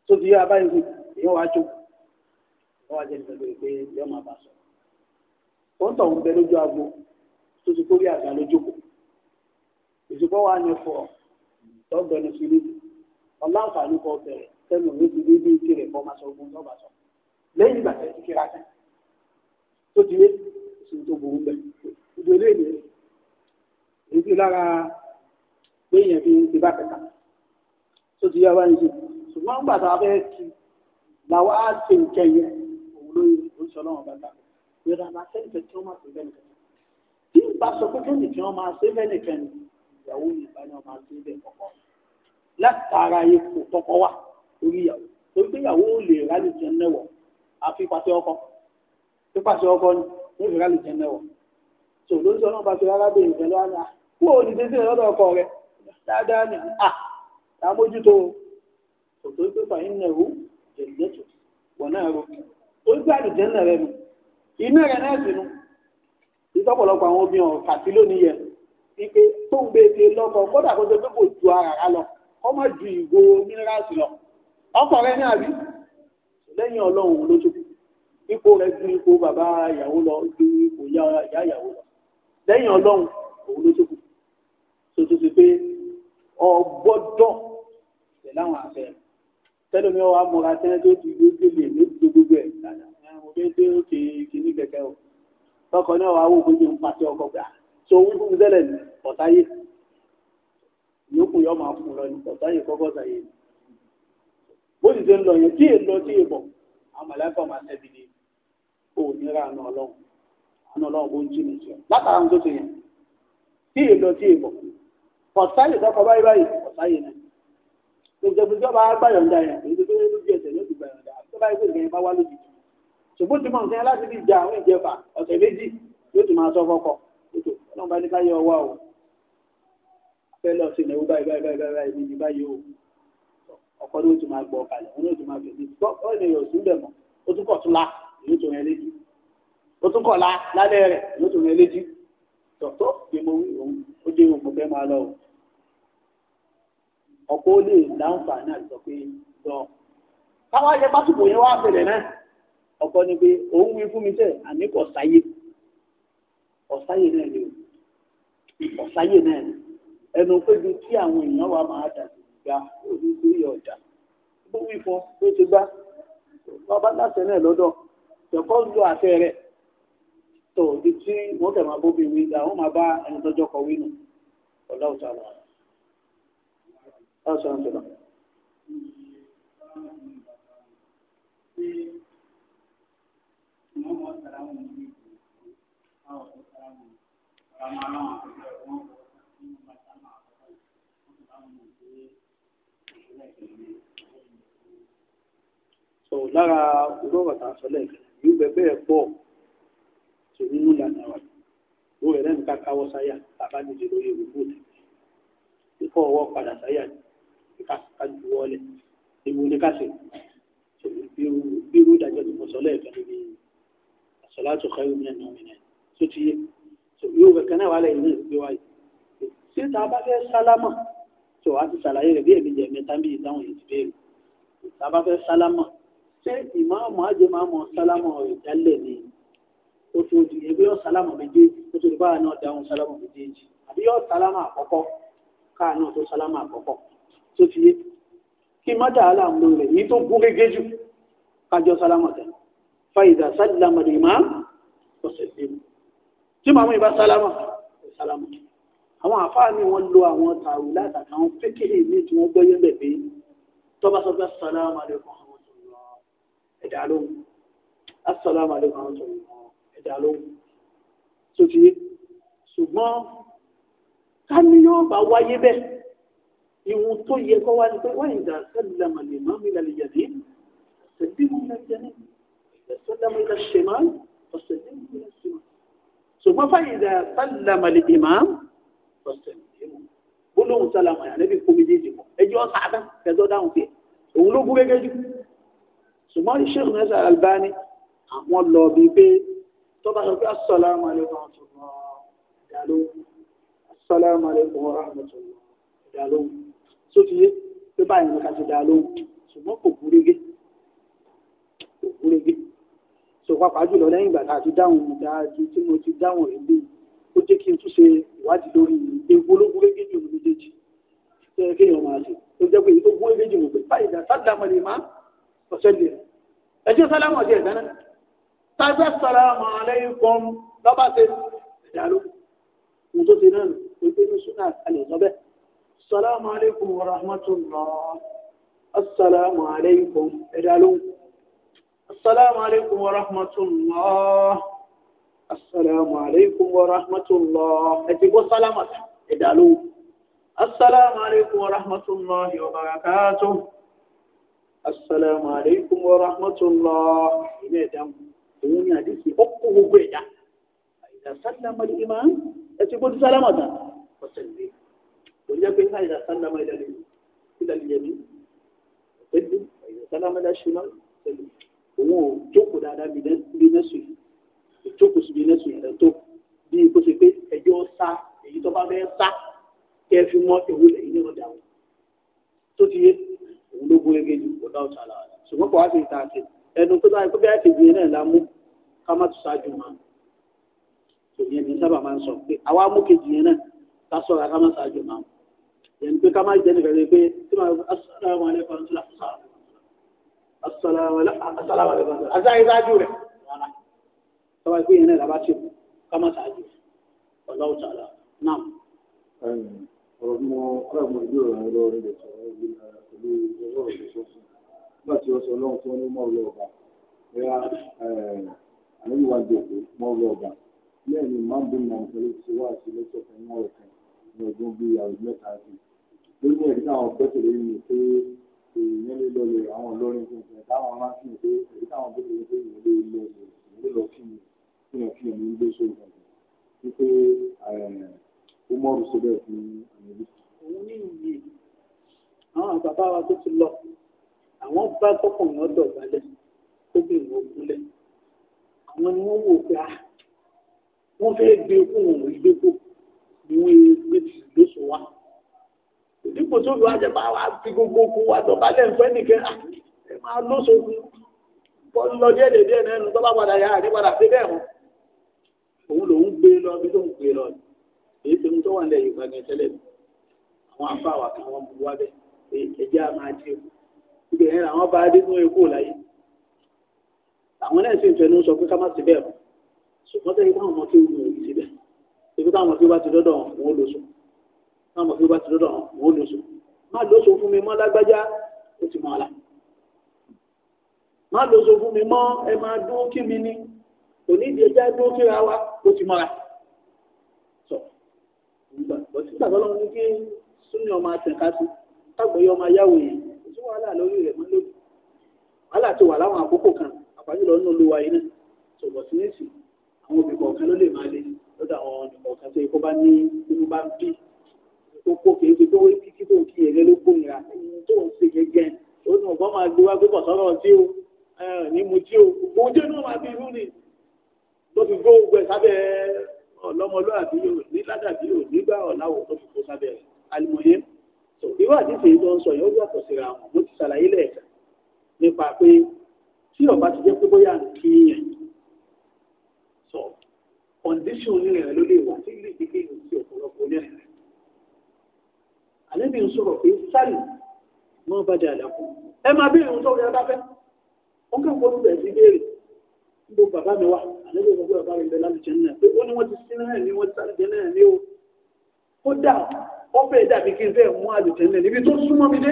tó ti yé abáyé fún mi èèyàn wá jókòó wọ́n wá jẹ́ni pẹ̀lú pé yọ́n máa bá sọ. ó ń tọ̀hún bẹ lójú agbo tó ti kórè àgbà lójókòó ìsìnkú wa ní fọ tọ́gbẹ́ ní fi lébi ọláǹfààní kọ bẹ̀rẹ̀ sẹ́nu ní ti lébi tirẹ̀ kọ́ máa sọ ogun tó bá sọ lẹ́yìn ìgbà tẹ̀ ti kíra sí tó ti lé ìsìnkú tó burú bẹ̀ ìdòlé ìlú èyí lára pé èèyàn fi ti bá kẹta tó ti yá wá ní ṣe ṣùgbọ́n gbàtà fẹ́ ti làwọn á ṣe nǹkan yẹn òun ló ń sọ lọ́wọ́ bàbá ìrìn àná sẹ́ni kẹ́ tí wọ́n máa ṣe bẹ́ẹ̀ nìkan tí n bá sọ pé kẹ́ni kí wọ́n máa ṣe bẹ́ẹ̀ nìkan ni ìyàwó mi bá ní wọ́n máa ṣe bẹ́ẹ̀ kọ̀kọ́ látara ipò tọkọ wa orí ìyàwó torí pé ìyàwó ò lè rálì jẹ nẹwọ̀ àfi pàṣẹ ọkọ pípàṣẹ ọkọ ni ó lè rálì jẹ nẹwọ̀ tó ló ń sọ náà bá fi rárá bẹ́ẹ̀ ìfẹ́ lọ́wọ́ náà ah, kú ò ní dédé lọ́dọ̀ ọkọ rẹ dáadáa ni à ah, tá a mójútó òtò pé fàyín náà jẹ̀dẹ̀tù wọ̀ náà ro ó gbé àlùjẹ́nà rẹ nu inú rẹ náà sì nu ìtọ́pọ̀lọpọ̀ àwọn obìnrin ọ̀rọ̀ kàtí lónìí yẹ ike tó ń gbé ti lọ́kọ kódà kó tó pé kò ju ara lọ kó má ju ìgò mínírààsì lọ ọkọ rẹ ní àbí lẹ́yìn ọlọ́run ló tó ipò rẹ ju ipò bàbá ìyàwó lọ ju ipò ìyá ìyàwó lọ lẹ́yìn ọlọ́run òun ló tó kù ti pé ọgbọ́dọ̀ pẹ̀lú àwọn àfẹ́ rẹ̀ tẹ́lẹ̀ mi wá múra tẹ́lẹ̀ tó ti gbé gbélé ló ti gbogbo ẹ̀ dáadáa ẹ̀ mo fẹ́ dé òkè kìíní kẹ̀kẹ́ o tọkọ náà wàá wò pé mi ń pàṣẹ ọkọ gbà so wí fún mi tẹ́lẹ̀ ní ọ̀táyé yòókù yọ máa fún lọ ní ọ̀táyé kọ́kọ́ sàyè ni bó ti ṣe ń lọ yẹn tí è lọ tí è bọ̀ àmàlẹ́kọ̀ máa tẹ̀bi ni o ní ra àna ọlọ́run àna ọlọ́run bó ń jí mi sọ látara tó ṣe yẹn tí è lọ tí è bọ̀ ọ̀táyé gbogbo ìjọba gbàyọ̀ǹda yẹn èyí tó lójú ẹsẹ̀ ló ti gbàyọ̀ǹda àti tọ́ba ẹgbẹ́ ìgbẹ́yìn bá wá lójijì ṣùgbọ́n tí mo ń sẹ́yìn láti fi ja àwọn ìjẹfà ọ̀sẹ̀ méjì yóò ti máa sọ fọkọ ètò ọlọ́run bá ní ká yọ ọwọ́ o fẹ́ lọ sí ìnáwó báyìí báyìí báyìí báyìí níbi báyìí o ọkọ ní o ti máa gbọ́ kalẹ̀ wọn ní o ti máa fèsì gbọ́ ọ̀nà èèyàn sí bẹ̀ mọ́ o tún kọ̀ tún la èyí tó yẹn léjì o tún kọ̀ la lálẹ́ rẹ̀ èyí tó yẹn léjì tọ̀tọ̀ ìmọ̀ òun ó dé òun kò fẹ́ máa lọ o. ọ̀pọ̀ ó lè náà àti sọ pé lọ. káwá yẹ pásítọ̀ yẹn wá sílẹ̀ náà ọ̀pọ̀ ni pé òun wí fún mi sẹ́ àní kò ọ̀sáyé náà ni o ọ̀sáyé náà ni ẹnu pébi kí àwọn èèyàn wà máa dà sí ìgbà onítorí ọ̀dà bó wí fún ti gbá láṣẹ náà lọ́dọ̀ láti ọ̀hún so lára olóòwò tá a sọ lẹ́ẹ̀kan yìí bẹ́ẹ̀ bẹ́ẹ̀ pọ̀ tó nínú ìlànà wa lóòrè lẹ́nu ká káwọ́ sáyà bàbá nìjẹ́ lórí ìwé ọwọ́ padà sáyà ni ká ju wọlé ewu ni ká ṣe bí irú ìdájọ́ tó mọ̀ sọ lẹ́ẹ̀kan níbi àsọ̀láàtò kẹrù mi náà mi náà tó ti yé yóò kẹ̀kẹ́ náà wà lẹ́yìn náà gbé wáyé ṣé tá a bá fẹ́ sálámà tó a ti ṣàlàyé rẹ̀ bí èmi jẹ́ mẹ́ta bí ìdáhùn yìí ti béèrè tá a bá fẹ́ sálámà ṣé ìmáàmù ajẹmáàmù sálámà rẹ̀ jálẹ̀ ni ó fi ojú ẹgbẹ́ yọ sálámà méjèèjì ó ti rí báyà náà dáhùn sálámà méjèèjì àbí yọ sálámà àkọ́kọ́ káà náà tó sálámà àkọ́kọ́ tó ti yé kí má dà á là ń lo rẹ̀ ní tó gún gégé jù kájọ sálámà tẹ̀ fàyídà sálámà lè má ọ̀sẹ̀ lé mu tí màmú ìbá sálámà sálámà àwọn àfáà ni wọ́n lo àwọn tààrù látàkà àwọn pékèlè ní tí wọ́n gbọ́ ṣùgbọ́n ká ní yóò bá wáyé bẹ́ẹ̀ ìwọ̀n tó yẹ kọ́ wá ní pé wọ́n ìdá sẹ́lẹ̀mà lè máa mi lálẹ́ yẹ̀dí sẹ́lẹ̀mù lẹ́jẹ̀ní sẹ́lẹ̀mù lẹ́ ṣèmá ọ̀sẹ̀lẹ̀mù lẹ́ ṣèmá. ṣùgbọ́n fáyìn ìdá sẹ́lẹ̀mà lè ìmá ọ̀sẹ̀lẹ̀mù gbólóhùn sẹ́lẹ̀mà yà lẹ́bi kó méjèèjì mọ́ ẹjọ́ sáadá kẹjọ́ dáhùn tiẹ̀ òun ló gún gẹ́gẹ́ jù. ṣùgbọ́n Sheikh Nasir Albani àwọn lọ bíi pé tọ́ba sọ pé assalamu alaikum warahmatullahi ìdálóhùn assalamu alaikum warahmatullahi ìdálóhùn sótìyé pé báyìí ni ká ti dá lóhùn ṣùgbọ́n kò gúrégé kò gúrégé sọ pàápàá jùlọ lẹ́yìn ìgbà tá a ti dáhùn dáadé tí mo ti dáhùn rẹ̀ léyìí ó jẹ́ kí n tún ṣe ìwádìí lórí ewu ológúrégé jù méjèèjì tẹ́ ẹ kéèyàn máa ṣe ó jẹ́ pé ogúrégé jù mọ̀ pé báyìí dá sádàmọ̀ lè má ọ̀sẹ̀ lè ẹjẹ́ sálámù ọ̀sẹ̀ ìdáná tábẹ́ sálámù aláyín kan lọ́ba ṣe ìdáló náà ló pé ní súnà àlẹ́ السلام عليكم ورحمة الله السلام عليكم اجعلوا السلام عليكم ورحمة الله السلام عليكم ورحمة الله اتقوا السلامة اجعلوا السلام عليكم ورحمة الله وبركاته السلام عليكم ورحمة الله اجعلوا òun ni àdìsí ọkọ gbogbo ẹ̀dá àìdá sálámà ìmáà ẹ kò jẹ́ pé káyìí sálámà ìdálé ìdálé yẹmí ẹbí sálámà ìdáṣẹ náà ṣẹlẹ̀ òun ò jókòó dáadáa bí nẹ́sù yìí ìjókòó sí bí nẹ́sù yìí lẹ́tọ́ bí kò ṣe pé ẹjọ́ sá èyí tó bá fẹ́ sá kẹ́ fi mọ́ ewu lẹ́yìn ní ọ̀dà wọn tó ti yé òun ló gún ege jù ọ̀dà ọ̀tà là ṣùgbọ́n kò wá sí ìta àti ẹnu tó báyìí kó bí àti ìgbìyànjú náà la mú ká má tún ṣáájú mọ́ òyìn ẹni sábà máa yẹn pé ká má jẹ́ nìkan pé tí màá asalamu alaykum ṣe lásán asalamu alaykum ṣe asáyé sáájú rẹ̀ rárá tọ́wọ́ ìpín yẹn náà làbá ṣe kú ká má sáájú ọlọ́wọ́ sàlá náà. ọ̀rọ̀ mọ ọ̀rọ̀ mọ ìlú ọ̀rọ̀ ẹ̀rọ rẹ̀ lè sọ̀rọ̀ ẹ̀rọ pẹ̀lú ọ̀rọ̀ rẹ̀ sọ fún nígbà tí wọ́n sọ ọlọ́run tí wọ́n ní mọ́ ọlọ́ ọba ẹ̀yà àlejò wa dèkó mọ́ ọlọ́ ọba lẹ́yìn máa ń bí mọ̀ nípa ìṣèwádìí lọ́sọ̀kan náà ọ̀kan ní ọdún bíi àwọn mẹ́ta sí ló ẹ̀rí táwọn gbẹ́sẹ̀ mi pé èèyàn lè lọ lè àwọn olórin tuntun táwọn máa ń fi pé èyí táwọn gbẹ́sẹ̀ lé pé èèyàn lè lọ lè lè lọ kí mi kí èèyàn kí èèyàn gbé sóògùn tuntun ó mọ́rù sí bẹ́ẹ̀ fún àmì òun ní ìyè àwọn bàbá wa tó ti lọ àwọn bá tọkùnrin ọ̀dọ̀ balẹ̀ tóbìnrin ògúnlẹ̀ àwọn ni wọ́n wò pé wọ́n fẹ́ẹ́ gbé kóhùn ìgbéko ni wọ́n gbé lóṣù wa dípò tó lu ajẹ́ máa wá fi gbogbo kú wá tó bá lẹ́ nfẹ́ nìkẹ́ ẹ máa lóso bọ́ lọ díẹ̀ lè díẹ̀ nẹ́nu tó bá padà yára ní padà sí bẹ́ẹ̀ mọ́ òun lòún gbé lọ bí tó ń gbé lọ èyí tó ń tó wà lẹ́yìn ìgbàgbé tẹ́lẹ̀ mi àwọn afáwà kan wọn bu wá bẹ́ẹ̀ ẹ̀jẹ̀ á máa jẹ́ ibẹ̀ yẹn làwọn bá dé fún ekó láyé àwọn náà sì ń fẹnu sọ pé ká má sí bẹ́ẹ̀ mọ́ ṣùgbọ́n táwọn ọmọ fi bá ti lọ́dọ̀ wọn ò lóṣù má lóṣù fún mi mọ́ lágbájá ó ti mọ́ ọ́ la má lóṣù fún mi mọ́ ẹ máa dúró kí mi ní onídìí ẹja dúró kíra wa ó ti mọ́ la sọ ìgbà bọ́sí gbàgbọ́ lọ́wọ́ ní kí súnyọ̀ máa tẹ̀ka sí tágbọ̀yọ̀ máa yáwò yẹn kò sí wàhálà lórí rẹ̀ mọ́ lóbi wàhálà ti wà láwọn àkókò kan àpájùlọ nínú olúwa yìí náà sọ̀bọ̀ sí ní ìsìn àwọn obìnrin kọ̀ọ̀kan ló lè máa lé lọ́dọ̀ àwọn ọ̀nà kọ̀ọ̀kan tó yẹ kó bá ní inú bá ń bí kókó kìí ṣe tó wé kí kí tó kí èrè ló gbòmìnira tó ń ṣe gẹ́gẹ́ ó ní ọgbọ́n máa gbé wá pé bọ̀sọ́rọ̀ ọtí o ní mu tí o òun jẹ́ náà máa fi irú ni tó fi gbó gbẹ sábẹ́ ọlọ́mọlúwàbí o ní ládàbí o nígbà ọ̀làwọ̀ tó fi kó sábẹ́ alimoye ìwà àdìsí tó ń sọ yẹn ó yàtọ̀ síra wọn mo ti ṣàlàyé lẹ́ẹ̀kan nípa pé tí ọba ti jẹ́ pé bóyá kí yẹn sọ kọ̀ǹdíṣọ̀n onírìnrìn ló lè wà tí ilé ìdíkẹ́ yìí ti ọ̀pọ̀lọpọ̀ onírìnrìn àlébí ń sọ̀rọ̀ pé sáré mọ́ bá dà lápò ẹ máa bí ìrùn tó rí ọba fẹ́ ó kàn kó lùbẹ̀ sí béèrè níbo bàbá mi wà àlébí gbogbo bàbá mi bẹ lálùjẹ náà pé ó ní wọ́n ti sí náà ní wọ́n ti sálùjẹ náà ní o kódà ó fẹ́ dàbí kí n fẹ́ mú àlùjẹ náà níbi tó súnmọ́ mi dé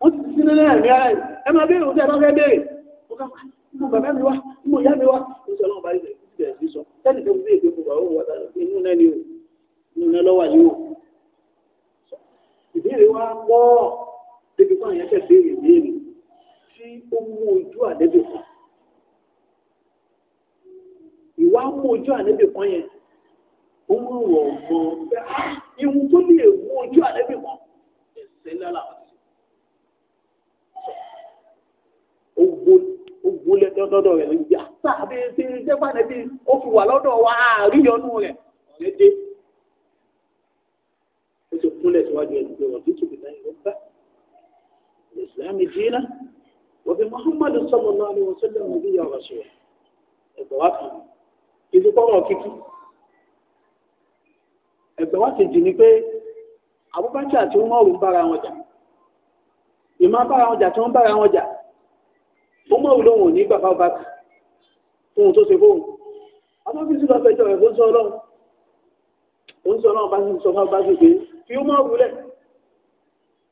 wọ́n ti sí náà ní ara ẹ máa bí ìrùn tó ẹ bá béèrè ó kàn kó bàbá mi wà níbo ìyá mi wà ó ìbéèrè wa pọ̀ débi fún àyẹ̀fẹ́ béèrè béèrè tí ó mú ojú àdébì kan ìwà mú ojú àdébì kan yẹn ó mú wọ̀ mọ́ ah, ihun tó lè mú ojú àdébì kan ẹ̀sẹ̀ lára ogun lẹ́tọ́ lọ́dọ̀ rẹ̀ lójú àtàbí tí jẹ́pàdé ah, bí ó fi wà lọ́dọ̀ wa àríyànú rẹ̀ ọ̀rẹ́ dé ó ti kúnlẹ̀ síwájú ẹni pé wọ́n ti tùbí náà yóò bá ìsìlámì dínà wọ́n fi muhammadu sallallahu alaihi wasallam bí ya rasul ẹ̀gbọ́n wa kan ìlú kọ́rọ̀ kíkí ẹ̀gbọ́n wa ti jì ní pé abubakar àti umaru ń bára wọn jà ìmọ̀ bára wọn jà tí wọ́n bára wọn jà umaru lòun ò ní bàbá bàbá ohun tó ṣe fóun ọmọ bísí lọ́pẹ́jọ́ ẹ̀ fún sọ ọlọ́run ó ń sọ ọlọ́run bá sì ń sọ fún abájú pé fi ó mọ̀ wúlẹ̀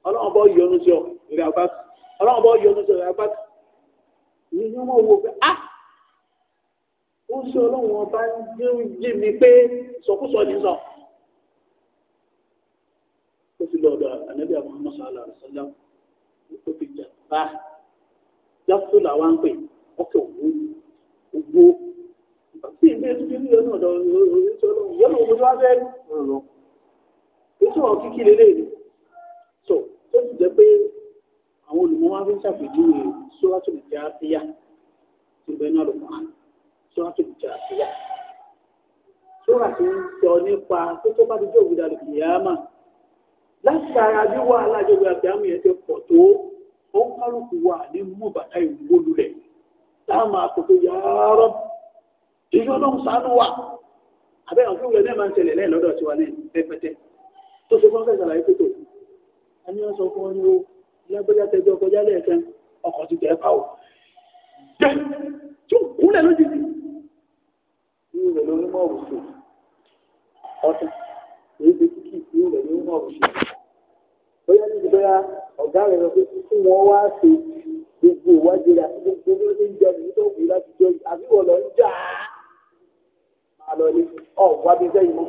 ọlọ́run bọ́ yọnu sí ọ ìrẹ́ àbá ọlọ́run bọ́ yọnu sí ọ ìrẹ́ àbá ní ní wọ́n wo pé ah ó ń sọ ọlọ́run ọba yé mi pé sọkúsọ ní sọ ó fi lọ́dọ̀ ànábì àwọn ọmọ sàlá àṣàlá ó fi jà bá jáfó làwa ń pè ọkọ̀ ògbó ògbó àti ìgbésí ìlú yẹn náà lọ sí ọlọ́run yẹn lọ́wọ́ tó wá fẹ́ rọrùn ìtumọ̀ kíkí lélẹ̀ ni so tó ti jẹ́ pé àwọn olùmọ̀ wa fi ń ṣàpèjúwe sóràtò ìjà àfíyà ti bẹ́ẹ̀ náà lọ́mọ́ sóràtò ìjà àfíyà sóra tó ń sọ nípa tó tó bá ti jẹ́ òwúdà lè fi yàá mà láti ara bí wọ́n alájọba àti àmì yẹn ti pọ̀ tó ó ń kálukú wa ní mú ìwúwo lulẹ̀ táwọn máa yàrá ìjọ ń sánú wa àbẹ́yàn fún ìwé náà máa ń ṣẹlẹ̀ lẹ́yìn lọ́dọ̀ tiwa náà pẹ́pẹ́tẹ́ tó ṣe fún ọ̀fẹ́sẹ̀ láyé tètò ẹni wọn sọ fún ọ ní o lágbẹ́jà tẹjọ kọjá lẹ́ẹ̀kan ọkọ̀ ti tẹ̀ pa o jẹ́ tó kúnlẹ̀ lójijì irú rẹ̀ ló ní mọ̀ òṣù ọ̀tún èyí ti kíkì irú rẹ̀ ló ní mọ̀ òṣù bóyá ní ìgbéra ọ̀gá rẹ̀ lọ pé kí wọ́n wá ṣe gbogbo ìwádìí rẹ̀ àti gbogbo bí ó ṣe ń jẹ nìyí tó kù láti jẹ àbí wọ́n lọ ń jà á máa lọ ilé ọ̀ wá bí sẹ́yìn mọ́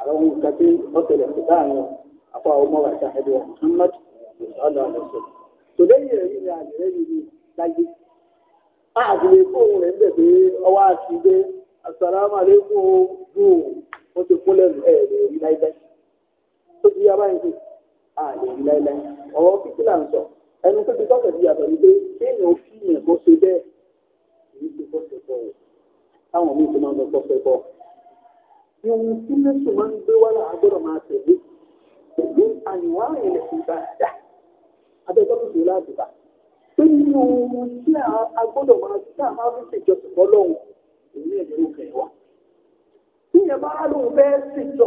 àwọn nǹkan tí wọ́n tẹ̀lé sí láàrin àpá ọmọ wa ìta ẹ̀dùn Muhammad sallallahu ọdụ wasallam tó lẹ́yìn èyí ni àgbẹ̀rẹ̀ yìí ni láyé àgbèrè fóun rẹ̀ ń bẹ̀ pé ọwọ́ àti ilé asalaamu aleykum ohun tí lẹ́sùn máa ń gbé wá là á gbọ́dọ̀ máa tẹ̀lé pẹ̀lú àyùwá ilẹ̀ ìbàdà abẹ́jọ́ tó ṣe láti bá pé nínú ohun tí a gbọ́dọ̀ máa tí a máa fi ṣèjọsìn fọlọ́hún èmi ẹ̀ ló fẹ́ wá. tí yẹn bá lóun fẹ́ ṣèjọ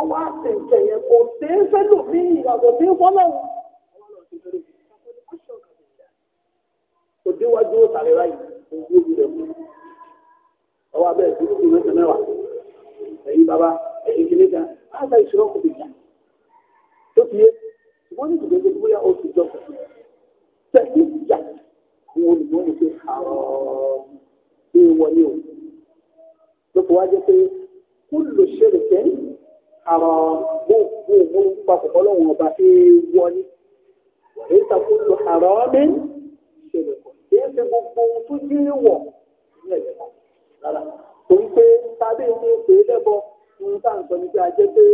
ọwọ́ àtẹ̀ǹkẹ̀ yẹn kò ṣeé fẹ́ lò mí ìyàtọ̀ sí fọlọ́hún. òdiwájú ó tàrẹ́ láyìí ojú omi rẹ̀ mú ọwọ́ abẹ́ ìdúró ìwé mẹ́wàá ẹ̀yin bàbá ẹ̀yin kìíní kan àgbà ìṣòro kò bìjà tó fi yé wọ́n ní ìdílé tó bóyá oṣù jọ kò sí tẹ̀sí ìjà àwọn olùmọ̀ ní pé àwọn ṣe wọlé o ló fi wá jẹ́ pé kó lò ṣe lè tẹ́ àwọn gbogbo òun papọ̀ ọlọ́run ọba ṣe wọlé wọlé ìtàkùn àrọ́ mi ṣe lè kọ̀ ṣe é ṣe gbogbo ohun tó jẹ́ wọ̀ ní ẹ̀yẹ̀ rárá torí pé tàbí ní oṣù lẹ́bọ̀ ní táǹtọ́ ní pé a jẹ́ pé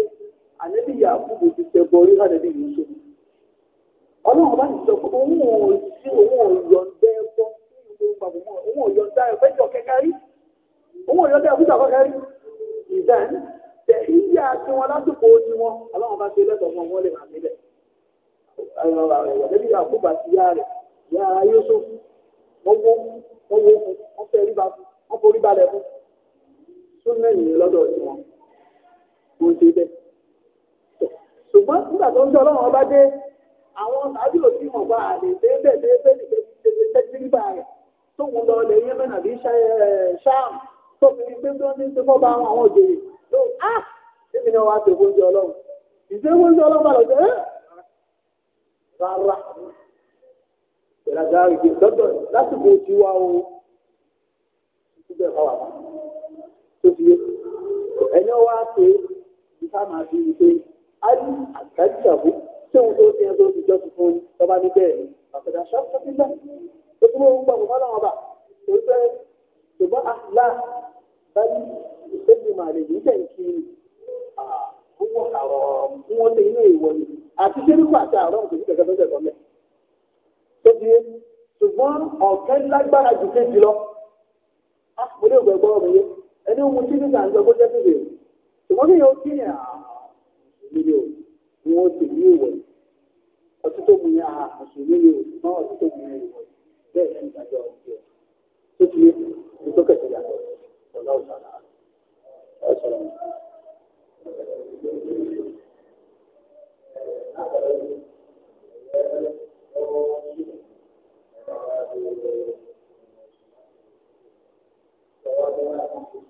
ànẹ́bí Yakubu ti tẹ bọ orí ànẹ́bí Yusuf ọlọ́run bá ti sọ pé òun ò sí òun ò yọ̀ǹdẹ́ ẹ̀kọ́ òun ò yọ̀ǹdẹ́ ẹ̀fẹ́jọ kẹkẹrí òun ò yọ̀ǹdẹ́ ẹ̀fúta kẹkẹrí ìdán tẹ ìyá tí wọn lásìkò ní wọn ọlọ́run bá ti lẹ́tọ̀ọ́ fún wọn lè rà nílẹ̀ ànẹ́bí Yakubu àti yá rẹ̀ yá Yusuf wọ́n wó wọ́n wó fún wọ́n fẹ́ rí ba fún wọ́n forí balẹ̀ fún súnà ìyẹn lọ́dọ̀ tí wọn kò ń ṣe bẹ́ẹ̀. ṣùgbọ́n nígbà tó ń jọ ọlọ́run ọba dé àwọn sábì òbí wọn bá àlè déédéé déédéé déédéé tẹ́tíríbà rẹ̀ tó ń lọ ilẹ̀ yẹn mẹ́nà bí ṣáàm tó fi ní pé bí wọ́n ti ń ṣe fọ́ bá àwọn òjòyè ló ah, á èmi náà wá ṣe oúnjẹ ọlọ́run ìṣe oúnjẹ ọlọ́run bá lọ sí ẹ́ eh? rárá ìlàjà ìgbésọ́tọ̀ lásìkò tiwa o síbẹ̀ fáwọn àwọn tó fi ẹni wá pé ìta máa fi ṣe ayé àgbájúgbàbó tóun tó ti yẹn tó ti jọ́sìn fún tọ́ba ní bẹ́ẹ̀ ni àpẹẹrẹ aṣọ àti bẹ́ẹ̀ tó tún wọ́n gbàgbọ́ fọ́lá wọn bà tó fẹ́ ṣùgbọ́n àlá báyìí ìṣègùn màlẹ̀ yìí tẹ̀ ń kiri owó àrọ̀ wọn lè inú ìwọ ni àti jẹ́rìkú àti àrọ̀ kò ní kẹ̀kẹ́ tó tẹ̀ tọ́lẹ̀ tó ṣùgbọ́n ọ̀kẹ́ lágbára jù kéjì lọ á ah, mo ní ògbẹ́gbọ́ ẹni ohun tí nígbà ń sọ kó jẹ́ bèbè ṣùgbọ́n bí yóò kí ni àmùsùlùmí ni o ni ní ìwọ̀ ọtí tó mu ní àmùsùlùmí o ṣùgbọ́n ọtí tó mu ìwọ̀ bẹ́ẹ̀ ní ìdájọ́ ọ̀gbìn tó ti yé ní tó yàtọ̀ ọ̀la ọ̀sàlà ọ̀sàlà. Thank you.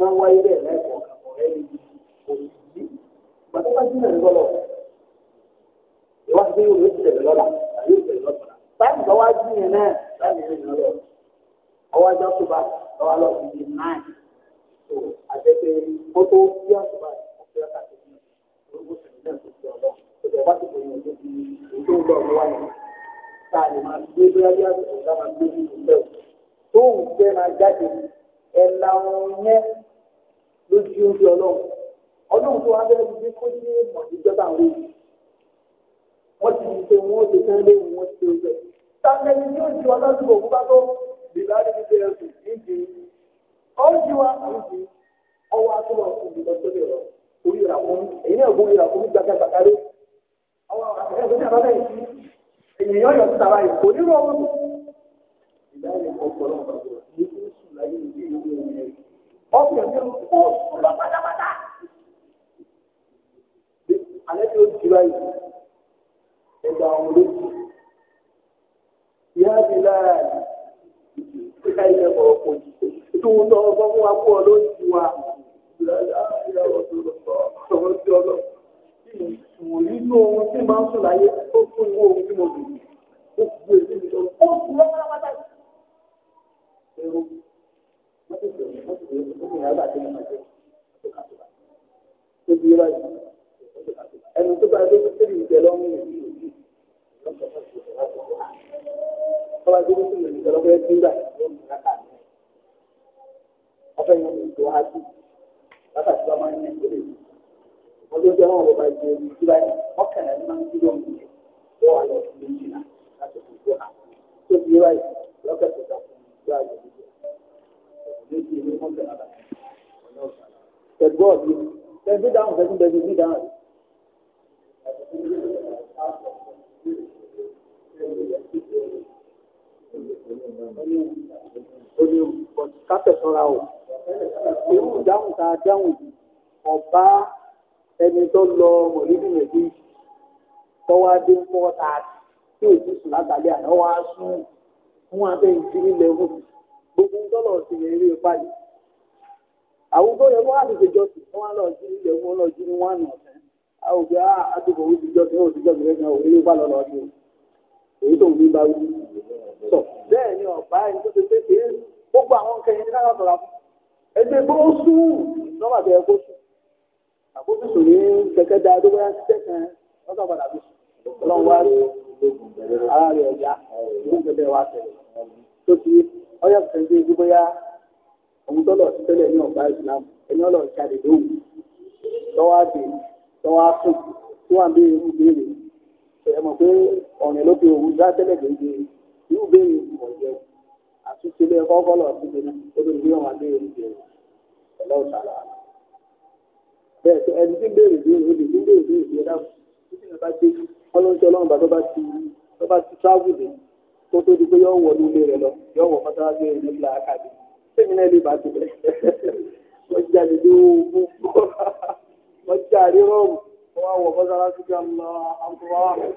máa ń wáyé bẹ́ẹ̀ lẹ́kọ̀ọ́ kàkọ́ ẹni òbí ìgbà tó bá jìnnà ní lọ́lọ́ ìwádìí yóò ti tẹ̀lé lọ́la àbí yóò tẹ̀lé lọ́la táyì tó wá jìnnà náà táyì yóò ní lọ́lọ́ ọwọ́ ajá tó bá lọ́wọ́ lọ́ọ́ àwùjọ ọwọ́ akọ́wọ́ fún mi lọ́jọ́ bí ọ̀rọ̀ orí ìrà fún mi èyí náà gbórí ìrà fún mi gbàgbà gbàgbàlé ọwọ́ àtẹ̀yẹ́ tó ní àbábẹ́ yìí èyí yọ̀ yọ̀ síta báyìí kò nírú ọmọ mi. ìdáyẹ̀ ọ̀pọ̀ náà bàbá mi kò sùn láyé ìlú ọ̀pọ̀ mi kò lọ pátápátá. alẹ́ tí ó di báyìí ẹ̀dá ọmọ ló ti yá ti láàyè tó tọ́ ọgbọ́n fún wa kú wa. Ìwòrí ní ohun tí máa ń sùn láyé tó fún ìwọ ohun tí mo lò. Ó fi èdè mi lọ. Ó fi wọ́n máa wá dájú. Ẹ̀rọ. Wọ́n ti bẹ̀rẹ̀ wọ́n ti bẹ̀rẹ̀ fún mi nígbà tí mo máa jẹ́. Ó ti yẹ Ẹnu tó bá dé sí ìjẹ lọ́mú yìí. Tọ́lá dé sí ìjẹ lọ́mú yẹn ti ń báyìí lẹ́yìn ètò ájú látàkì wọn máa ń yẹn tó lè ní wọn ló jẹ́ wọn wọ bá jẹ omi síra ní ọkàlà ní máa ń kí lóun yẹn wọ́n wà lọ sí méjì náà láti fi tó hàn tó fi ráì lọ́kẹ̀ tó dà fún ìlú àjọ ìlú méjì ní ọkàlà bá ọ̀nà ọ̀sà tẹ̀gbọ́ ọ̀bí tẹ̀gbí dáhùn fẹ́ fún bẹ́ẹ̀ bí dáhùn Olha, o café irú ìdáhùn tá a dáhùn yìí ọba ẹni tó lọ mọ̀lẹ́bí mẹ̀bí tọ́wọ́ adé ń fọ́ ta tí òjì sùn látàlẹ́ àná wá sùn fún abẹ́yìn sí nílẹ̀ hù gbogbo ńlọ́lọ́ sí ní eré ìpàdé àwùjọ yẹn wọ́n á tètè jọ sí wọ́n á lọ sí nílẹ̀ hù wọ́n lọ sí ní wọ́n àná ọ̀sẹ̀ àwùjọ àtúbọ̀ òjìjọ́ sí òjìjọ́ sí lẹ́gbẹ̀ẹ́ òwúrẹ́ wà lọ́lọ́ sí o èyí tó ń bí bá wí. sọ bẹ́ẹ̀ ni ọ̀bá ẹgbẹ́ bó sùn lọ́wọ́ àti ẹ̀kọ́ sùn àkókò sùn ní kẹ̀kẹ́ da tó bóyá ṣiṣẹ́ kan lọ́sọ̀ padà tó sùn ọlọ́run wá rí ara rẹ̀ ọ̀yá ìlú kẹ̀kẹ́ wa tẹ̀lé tó ti ọyọ́ kẹ̀kẹ́ bí bóyá òun tó lọ sí tẹ́lẹ̀ ní ọ̀gbá Islam ẹni ọlọ́ ìjáde lóhùn lọ́wọ́ àti lọ́wọ́ àtún tó wà bí irú béèrè ẹ mọ̀ pé ọ̀rìn ló òun dá tẹ́lẹ̀ gbèǹde irú béèrè ọ̀jẹ̀wò àtúnṣe lé kọ́kọ́ lọ síbi náà wọn adé orí bẹ̀rẹ̀ pẹ̀lú bẹ́ẹ̀ sọ ẹni tí ń béèrè bí olè tí ń béèrè bí olè náà títí náà bá dé ọlọ́nṣẹ́ ọlọ́run bá tó bá ti tó bá ti tíráàbù kó tó di pé yọ wọ nílé rẹ lọ yọ wọ mọ́tàlásí rẹ ní ìlà àkàdé sẹ́mi náà lè bá ti bẹ̀ wọ́n jáde ní owó wọ́n jáde rọ́ọ̀mù wọ́n wọ mọ́tàlásí kí wọ́n lọ àbúrò àwọn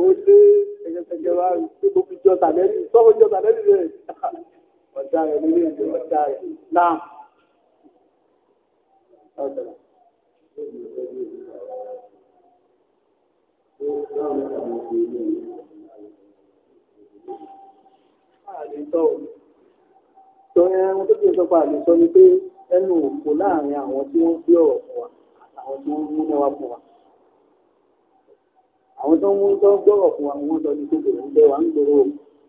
òṣèlú ẹ̀jẹ̀ tẹ̀jẹ̀ wá sí gbogbo ìjọ tàbí sọ́kò ìjọ tàbí rẹ̀ ọ̀dà rẹ̀ nílé ìlú ọ̀dà rẹ̀ náà. Sọ ẹran tó kì í sọ pé àlùsọ ni pé ẹnu òkú láàrin àwọn tí wọ́n ń gbé ọ̀rọ̀ fún wa àtàwọn tí wọ́n ń múná fún wa. Àwọn tó ń mú tó ń gbọ́rọ̀ fún wa wọ́n sọ ní kókò ń bẹ́ wa ń gbòòrò òkú.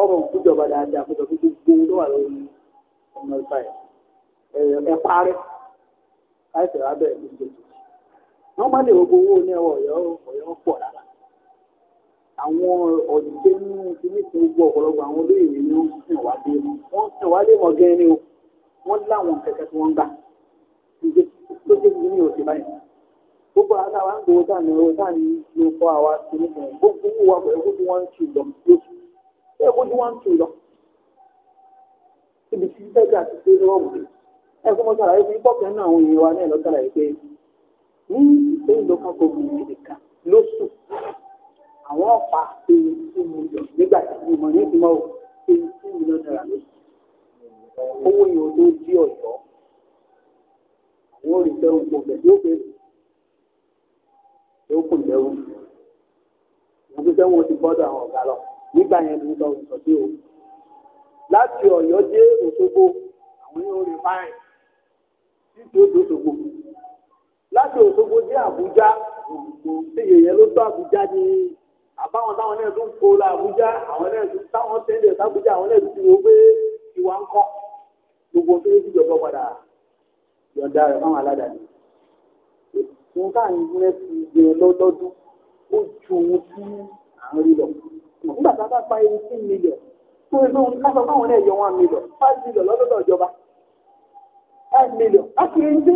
ọrọ̀ òkújọba dáadáa fún ọdún gbogbo ló wà lórí ọmọ ìfà ẹ̀ ẹ̀ parí láìsẹ̀ lábẹ́ ìgbésẹ̀ wọ́n má lè gbogbo owó ní ẹwọ́ ọ̀yọ́ ọ̀yọ́ pọ̀ rárá àwọn ọ̀dìjẹ́ nínú kìíní tí ó gbọ́ àwọn olóyèwé ni wọ́n sìn wá dé mọ́ wọ́n sìn wá dé mọ́ gẹ́gẹ́ ni o wọ́n láwọn kẹ̀kẹ́ tí wọ́n gbà ló dé kìíní ní òsì báyìí gbogbo àtàwọn àgbòwò táà ní owó táà ní ló fọ́ àwa kìíní kan gbogbo owó wa pẹ̀lú gbogbo wọn ń ṣùgbọ́n lóṣù ẹ kó ju one two lọ ibi tí sẹ́gà ti ṣe rọ́ọ̀mù ẹ fún mọ́tàlá yìí fún pọ́ọ̀kì náà àwọn èèyàn wa náà lọ́tàlá yìí pé ní ìpínlẹ̀ lọ́kàn gómìnà nìkan lóṣù àwọn ọ̀pá èyí tí mo yọ nígbà tí mo mọ̀ ní ìgbìmọ̀ o èyí tí mo lọ dára lóṣù owó yìí ò tó di ọ̀yọ́ àwọn olùfẹ́ràn kò bẹ̀ yóò bẹ̀rẹ̀ yóò kùn lẹ́rù ìwọ́n gbé sẹ́wọ̀n ti bọ́dọ̀ àwọn ọ̀gá lọ nígbà yẹn ló ń sọ sí o láti Ọ̀yọ́ dé Òṣogbo àwọn yóò rí fáìn títí ó dòṣogbo láti Òṣogbo dé Àbújá òǹgbò ṣèyẹ yẹn ló tó Àbújá ní àbáwọn táwọn náà tún kó la Àbújá àwọn náà tún táwọn tẹ́lẹ̀ sábújá àwọn náà tún ti wọ́n pé ìwà ń kọ́ gbogbo tó ń jọjọ padà yọ̀ǹda rẹ̀ fáwọn aládàáni òun káà ń lọ́dọọdún ó ju ohun tí à ń rí lọ. nígbà tá a bá pa eighteen million fún inú kásán fáwọn náà yọ one million five million lọ́dọ̀dọ̀ ìjọba five million láti rí ní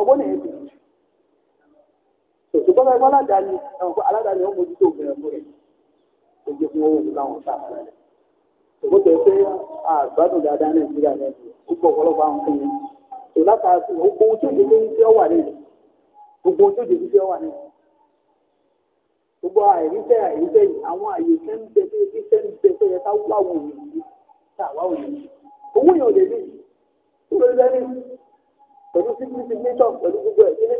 ọgbọ́n nìyẹn ti jù ṣùgbọ́n ẹgbẹ́ aládàáni aládàáni ọmọ ojútó obìnrin fún owó àgbàdo dáadáa nàìjíríà ó kọ àwọn fún mi wà gbogbo àìríṣẹ́ àìríṣẹ́ yìí àwọn àyè iṣẹ́ ń bẹ bíi iṣẹ́ ń bẹ tó yẹ ká wá wò yìí tá a wá wò yìí owó yẹn ò lè ní ìlú lẹ́yìn pẹ̀lú fifty signature pẹ̀lú gbogbo ẹ̀ kíní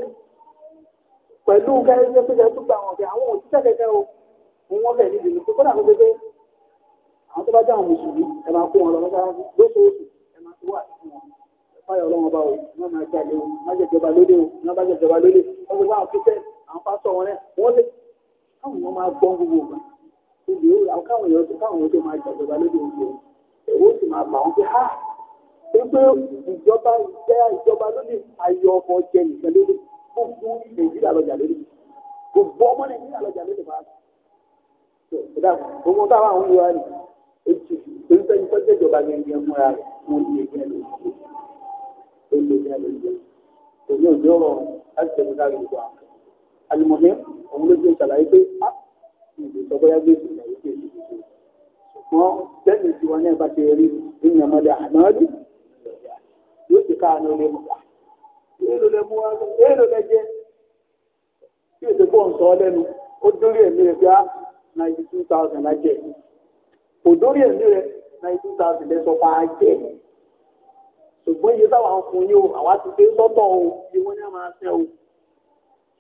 pẹ̀lú kẹ́rẹ́sẹ́ tó yẹ tó gba àwọn ọ̀gá àwọn òṣìṣẹ́ kẹ̀kẹ́ o mo wọ́n fẹ̀ níbi nìkan kódà mo gbẹgbẹ́ àwọn tó bá jẹ́ àwọn mùsùlùmí ẹ máa kó wọn lọ mọ́sálásí ẹ máa ti wà fún wọn fáyọ̀ ọlọ́wọ́n bá o wọ́n máa jalè o má jẹ̀jọba lóde o má bá jẹ̀jọba lóde wọ́n ti bá àwọn kíkẹ́ àwọn pásítọ̀ wọn náà wọ́n lè káwọn èèyàn máa gbọ́n gbogbo ọ̀gbà ibi ó ra káwọn èèyàn tó káwọn èèyàn tó máa jàjọba lóde oúnjẹ èwo sì máa bà wọn pé ha pé ìjọba jẹ́ ìjọba lóde ayọ̀ ọmọ jẹ nìkan lóde gbogbo nàìjíríà lọ́jà lóde gbogbo ọmọ nàìjíríà lọ́jà lóde máa ìdá gbogbo táwọn àwọn ìwà rẹ̀ ètò ìfẹ́ni tó jẹ́ ìjọba gẹ̀ǹgẹ̀ fúnra rẹ̀ wọn ò lè gẹ̀ lóde èlò gẹ̀ lóde òní òjò rọrùn láti tẹ̀lé káàkiri gbogbo àwọn àlùmọ̀nẹ́ òun ló gbé ìṣàlàyé pé á ah, ìlú sọ bóyá gbé ìṣàlàyé pé ìlú sọ ṣùgbọ́n bẹ́ẹ̀ ni wọn náà bá ti rí ìyẹn ọmọdé àmọ́dé yóò ti ká àánú lé mu wá èèlò lẹ mú wá èèlò lẹ jẹ kí èdè bọ̀ ń sọ ọ lẹ́nu ó dórí ẹ̀mí rẹ̀ bí á ah, ninety two thousand lájẹ̀ kò dórí ẹ̀mí rẹ̀ ninety two thousand lẹ́sọ̀ pa á ṣùgbọ́n iye táwọn fún yín o àwa ti dé sọ́tọ̀ o iye wọn ní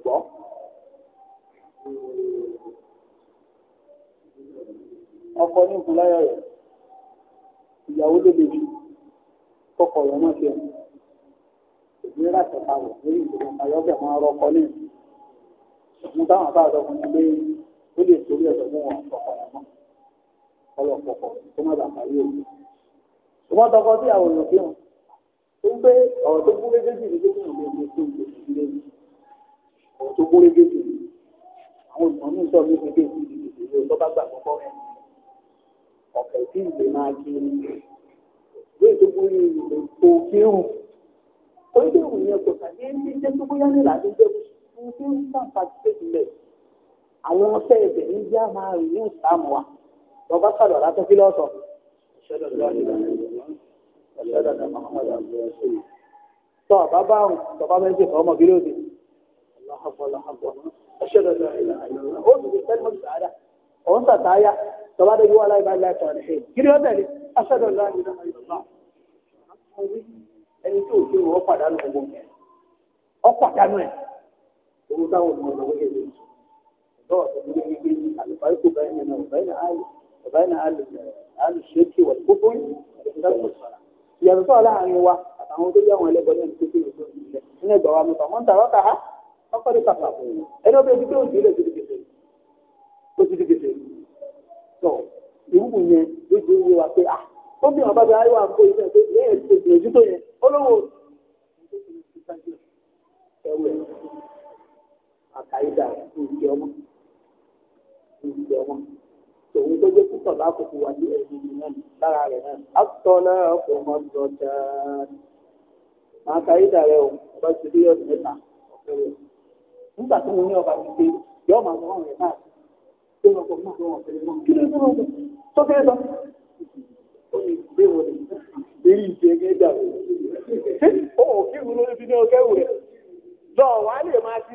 gbọ́. ọkọ ní ìkúláyà rẹ̀ ìyàwó ló lè ju kọkọ rẹ̀ náà ṣe ìdílé láti ẹ̀ka rẹ̀ lórí ìdílé ayọ́bẹ̀ máa rọ ọkọ ní ìmú táwọn bá ọ̀dọ́kùnrin pé ó lè torí ẹ̀sọ̀ fún wọn ọkọ rẹ̀ mọ́ ọlọ́pọ̀pọ̀ tó má bàa parí òun. ṣùgbọ́n tọkọ tí àwọn èèyàn fi hàn ó ń pẹ́ ọ̀rọ̀ tó kún régéjì ní kékeré ìlú ẹgbẹ́ tó ìlú ìdílé yìí ọ̀rọ̀ tó kún régéjì ní àwọn olùmọ̀ọ́nù sọ ní kékeré ìlú ìdílé yìí ọ̀tọ́ bá gbà kọ́kọ́ rẹ̀ ọ̀kẹ́ tí ìlú máa kí ìlú tó kún ní ìlú tó kírun ó ń dẹ̀wù yẹn kò sàdé ní iṣẹ́ tó bóyá ní ìlànà ìjẹ́ fún kí ń sàǹfààní tó ti lẹ̀ àwọn ọ̀sẹ̀ ẹ̀bẹ̀ ní bí a máa rí ní ìsàmù wa lọ́ba sàdọ̀ látọ́ kí lọ́sọ̀ ìṣẹ́lẹ̀ lọ́ọ́ ọ̀ṣẹ́ dàda Muhammad abdulrasheed tó ọba bá àwọn bàbá méjì fún ọmọ bílíọ̀ dé ọ̀ṣẹ́ dàda ìlà ìlà ó ti di sẹ́ni mọ́tò sàádà òun sàtáyà tọ́ba dẹ́gbẹ́ wà láì bá ilé ẹ̀tọ́ rẹ̀ kí ni ó tẹ̀lé ọ̀ṣẹ́ dàda ìlà ìlà ẹni tí òkè wọ́n pàdánù ọgbọ́n yẹn ọ̀pàdánù ẹ̀ owó táwọn ọmọ ọmọ wọlé lóṣù lọ́wọ́ tó ní gbígbé àlùfáà kò báyìí nínú ọ̀báyìí náà àlù ọ̀báyìí náà àlù àlù ṣe é kí wọ́n gbogbo ẹ̀ ẹ̀ ìyàtọ̀ sọ̀rọ̀ láàrin wa àtàwọn tó yẹ àwọn ẹlẹ́gbọ̀n náà tó kéwòn tó ìlẹ̀ nínú ẹgbàá wa mẹ́fà wọ́n ń tàrọ́ kàá ọkọ̀ ní kàfà ẹni ọbẹ̀ ibi kéwòn sílẹ̀ ti di kẹsẹ̀ ó ti di kẹsẹ̀ tó ìwúkù yẹn ló ti ń yé wa pé ah ó bí wọn bá bẹ ayé wa kó iṣẹ́ pé lẹ́yìn tó ti ojú tó yẹn olówó ẹwẹ àkàyídà ìjọmọ ìjọmọ tòun tó gbé púpọ̀ lákòókò wà ní ẹ̀yìn náà lára rẹ̀ náà. àtọ́ náà kò mọ lọ dáadáa. màá ka ayé dàrẹ́ o ọba ti rí ọ̀dùn mẹ́ta ọ̀fẹ́ rẹ̀. nígbà tí mo ní ọba mi pé yọ ọmọ àwọn ọ̀rẹ́ náà tó lọ kọ mọ́ àwọn ọ̀fẹ́ mọ́ kí ló dúró ọ̀dùn tó kéré lọ. ó ní ìgbé wọn ni èyí ti ẹgbẹ́ dà o. ó kí ìwúlò ibi ní ọkẹ́ wù rẹ̀ lọ wàá lè máa ti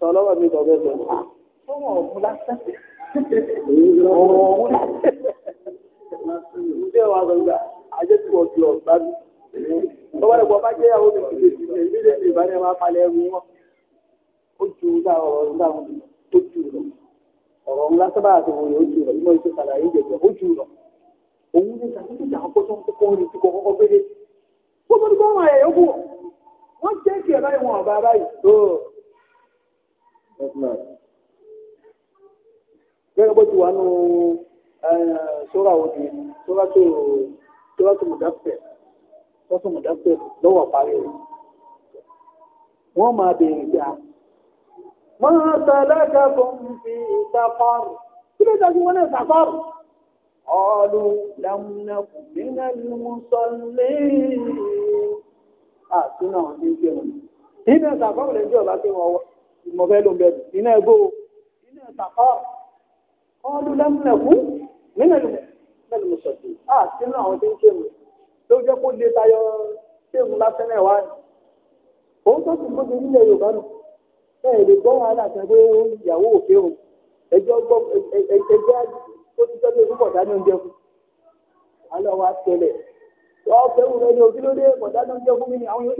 sọlọ́wọ́ mi kọ̀ fẹ́ sọ. ọmọ ọ̀hún lásán. ọmọ ọ̀hún lásán. ṣé wàá sọ gba ajé tí wọ́n ti ọ̀gbá mi. bọ́wọ́ rẹ̀ bọ́ bá jẹ́ àwọn olùdíje ìdílé ìdílé ìbánirẹ̀ máa palẹ̀ ẹrù wọn. ó ju dáhùn ọ̀rọ̀ dáhùn tó ju lọ ọ̀rọ̀ ńlá sábà àti òye ó jù lọ inú iṣẹ́ sàlàyé ìjẹ̀jẹ̀ ó jù lọ òun ní sàkíkì àwọn kó tó ń kókó orin tí kò kọ́kọ́ gbélé kó tó ní kó wọn ẹ̀yọ́ bù wọ́n jẹ́ kí ẹ̀ báyìí wọn ọ̀bá báyìí gẹ́gẹ́ bó ti wà nù sóra òdì sóra tó sóra tó mùdáfẹ́ sóra tó mùdáfẹ́ lọ́wọ́ parí rẹ̀ wọ́n máa béèrè bí a. máa sàlẹ́kẹ̀ fún fi ìtafọ́rù kí ló dájú wọn náà sàfọ́rù. ọ̀ọ́dún lẹ́múnẹ́kùn nínú ẹ̀lú mùsọ̀lẹ́ àti náà ní kí wọn. ìdí ẹ̀sàfọ́rù lè jẹ́ ọ̀bá tí wọ́n wọ́ mo fẹ́ ló ń bẹ̀rù iná ẹgbó iná ìtàkọ́ ọdún lẹ́mùnẹ̀kú nínú ẹ̀lú mùsọ̀tì á sínú àwọn tí ń kéwù ló jẹ́ kó lè tayọ kéwù lásán náà wá ní. òun tó sì gbóde nílẹ̀ Yorùbá nù bẹ́ẹ̀ lè gbọ́ wàhálà kan pé ìyàwó òkè òun ẹjọ́ gbọ́ ẹgbẹ́ tó ti tọ́jú ojú pọ̀tá ní oúnjẹ fún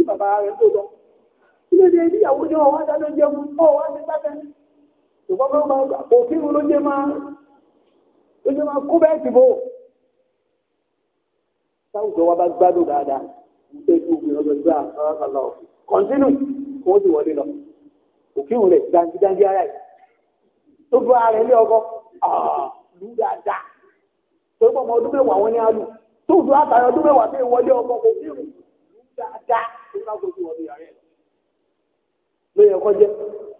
alọ́ wa kí ló dé ìyàwó jẹ́ ọ̀wá dáná jẹ́ mu ọ̀ wá ti sáfẹ́ ṣùgbọ́n bá òfin ló jẹ́ máa ló jẹ́ máa kú bẹ́ẹ̀ dìbò táwùjọ wa bá gbádùn dáadáa ní kí obìnrin ọgbẹ́ gbá àkàlà ọ̀fìn kọ́ńtínù kó o ti wọlé lọ òfin rẹ̀ dandidandi ara yìí tó bu ara ilé ọkọ lù dáadáa tó gbọ́ ọmọ ọdún mẹ́wàá wọn ní alù tó bu àtàrà ọdún mẹ́wàá fẹ́ wọlé ọkọ kò fi lù dáadáa tó bá gbọ́ sí wọlé yàrá ló yẹ kọjá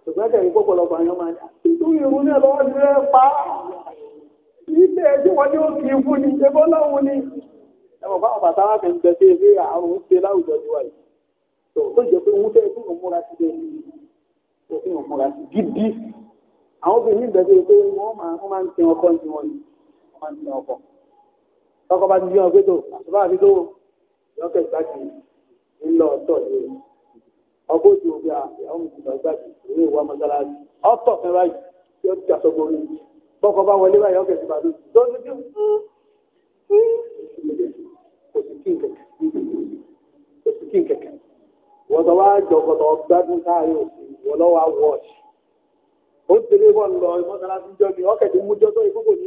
ṣùgbọ́n àtẹ̀yìn pọ̀pọ̀lọpọ̀ àwọn ọmọ àdá nítorí irun náà lọ́wọ́ ti rẹ̀ pa ilé ẹjọ́ wọn yóò kì í ni ṣẹbọ́ láwọn ni ẹ̀mọ̀ báwọn bàtà wà kàn jẹ sí ebi àrùn ṣe láwùjọ ti wáyé tó tó jẹ pé wúfẹ́ fún òmúra ti dé òfin òmúra ti gidi àwọn obìnrin nígbà tó pé wọ́n máa ń tin ọkọ ní tiwọn ni wọ́n máa ń tin ọkọ tọkọ bá ti yọ ọgbẹ́ àtúbà àti tó yọkẹ́ ìgbà ńlọ ọ̀tọ̀ yìí ọ ti wò àwọn mùsùlùmí ọgbà ìwé ìwà mọ́sálásí ọ̀tọ̀ fẹ́ báyìí tí ti jàsọ gbòòrò yìí bọ́kọ bá wọlé báyìí ọkẹ́ ti lójú tó ń dúdú kí wọ́n wá gbádùn òsì wọ́n wọ́ọ̀ṣì ó tẹ̀lé lọ mọ́sálásí jọ ti mú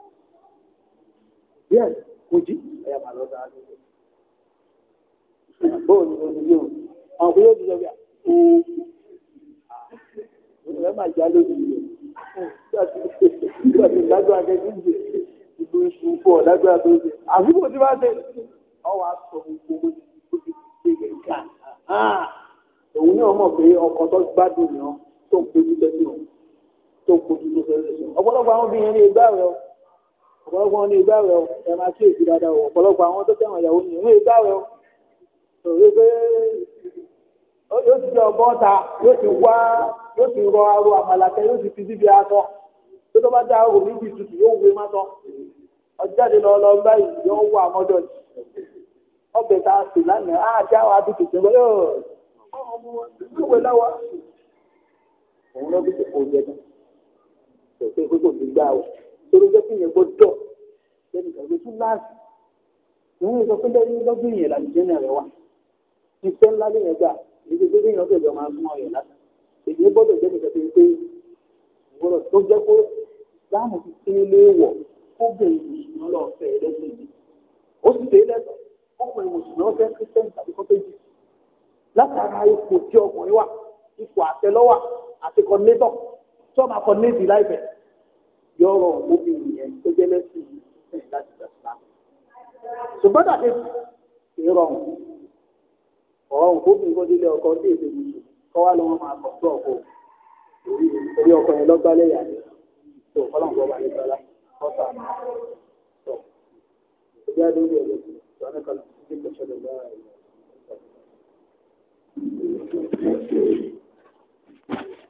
díẹ̀ kò jí ẹ̀yà máa lọ sáà lóko. bóun ni omi yóò àwọn kò yóò di lọ́wọ́ ìwé máa já lójú rẹ̀ nígbà tí ìdájọ́ akẹ́kọ̀ọ́ jẹ ìlú iṣu fún ọ̀dájọ́ àtọ́ jẹ àfikún tí wọ́n ṣe ọwọ́ aṣọ gbogbo tó ti ṣe lè ga òun náà mọ̀ pé ọkọ̀ tó gbádùn yàn tó ń pojú lẹ́sìn òun tó ń pojú tó fẹ́ẹ́ lẹ́sìn ọ̀pọ̀lọpọ̀ àwọn obìnrin ní ìgbà rẹ̀ o ọ̀pọ̀lọpọ̀ wọn ní ìgbà rẹ̀ o máa kí èsì dáadáa o ọ̀pọ̀lọpọ̀ àwọn tó fẹ́ràn ìyàwó ni ìwé ìgbà rẹ̀ torí pé yóò ti jẹ ọgbọ́n ta yóò ti wá yóò ti rọ aró àmàlàkẹ́ yóò ti fi síbi aṣọ tó tó bá dá aró níbi ìtutù yóò wé má tán ọjáde lọ lọ báyìí yóò wọ àmọ́dọ̀ yìí ọbẹ̀ tá sì lánàá á ti àwọn abìtì tó lọ yóò wọ láwa. òun lọ torí jẹ́ kí yẹn gbọ́dọ̀ lẹ́nu ìgbàgbé tún láàṣì ìwọ́n mi sọ pé lẹ́yìn lọ́dún yẹn làlùjẹ́ náà rẹ̀ wà iṣẹ́ ńlá lè yẹn gbà èyí tó yẹn ọ̀dọ̀ ìjọba súnmọ́ yẹn lásán èyí gbọ́dọ̀ jẹ́ nìkan tó yẹ pé ìwọ́rọ̀ tó jẹ́ pé láàmù ti ṣe é léèwọ̀ kóbìnrin mùsùlùmí ọlọ́ọ̀fẹ́ ẹlẹ́sìn yìí ó sì ṣe é lẹ́sọ̀ ọkùnrin mùsùlùmí ọ̀fẹ́ kírísítẹ́nì tàbí kọ́tẹ́jì látara ipò tí ọkùnrin wà ipò yọrọ òbí yẹn tó jẹ́ lẹ́sìn ẹ̀ láti dàgbà. ṣùgbọ́n tàbí ìrọ̀rùn ọ̀rọ̀ òbí kó délé ọkọ tí èdè yìí kọ́ wá lọ́wọ́ máa kọ̀ sí ọkọ orí ọkọ yẹn lọ́gbà lẹ́yà ni tó kọ́lọ́n gbọ́ wà ní gbọ́lá ọ̀sà àná tó ìjà lórí ẹ̀rọ ìjọba kan ní ìgbésẹ̀ lọ́wọ́ Thank you.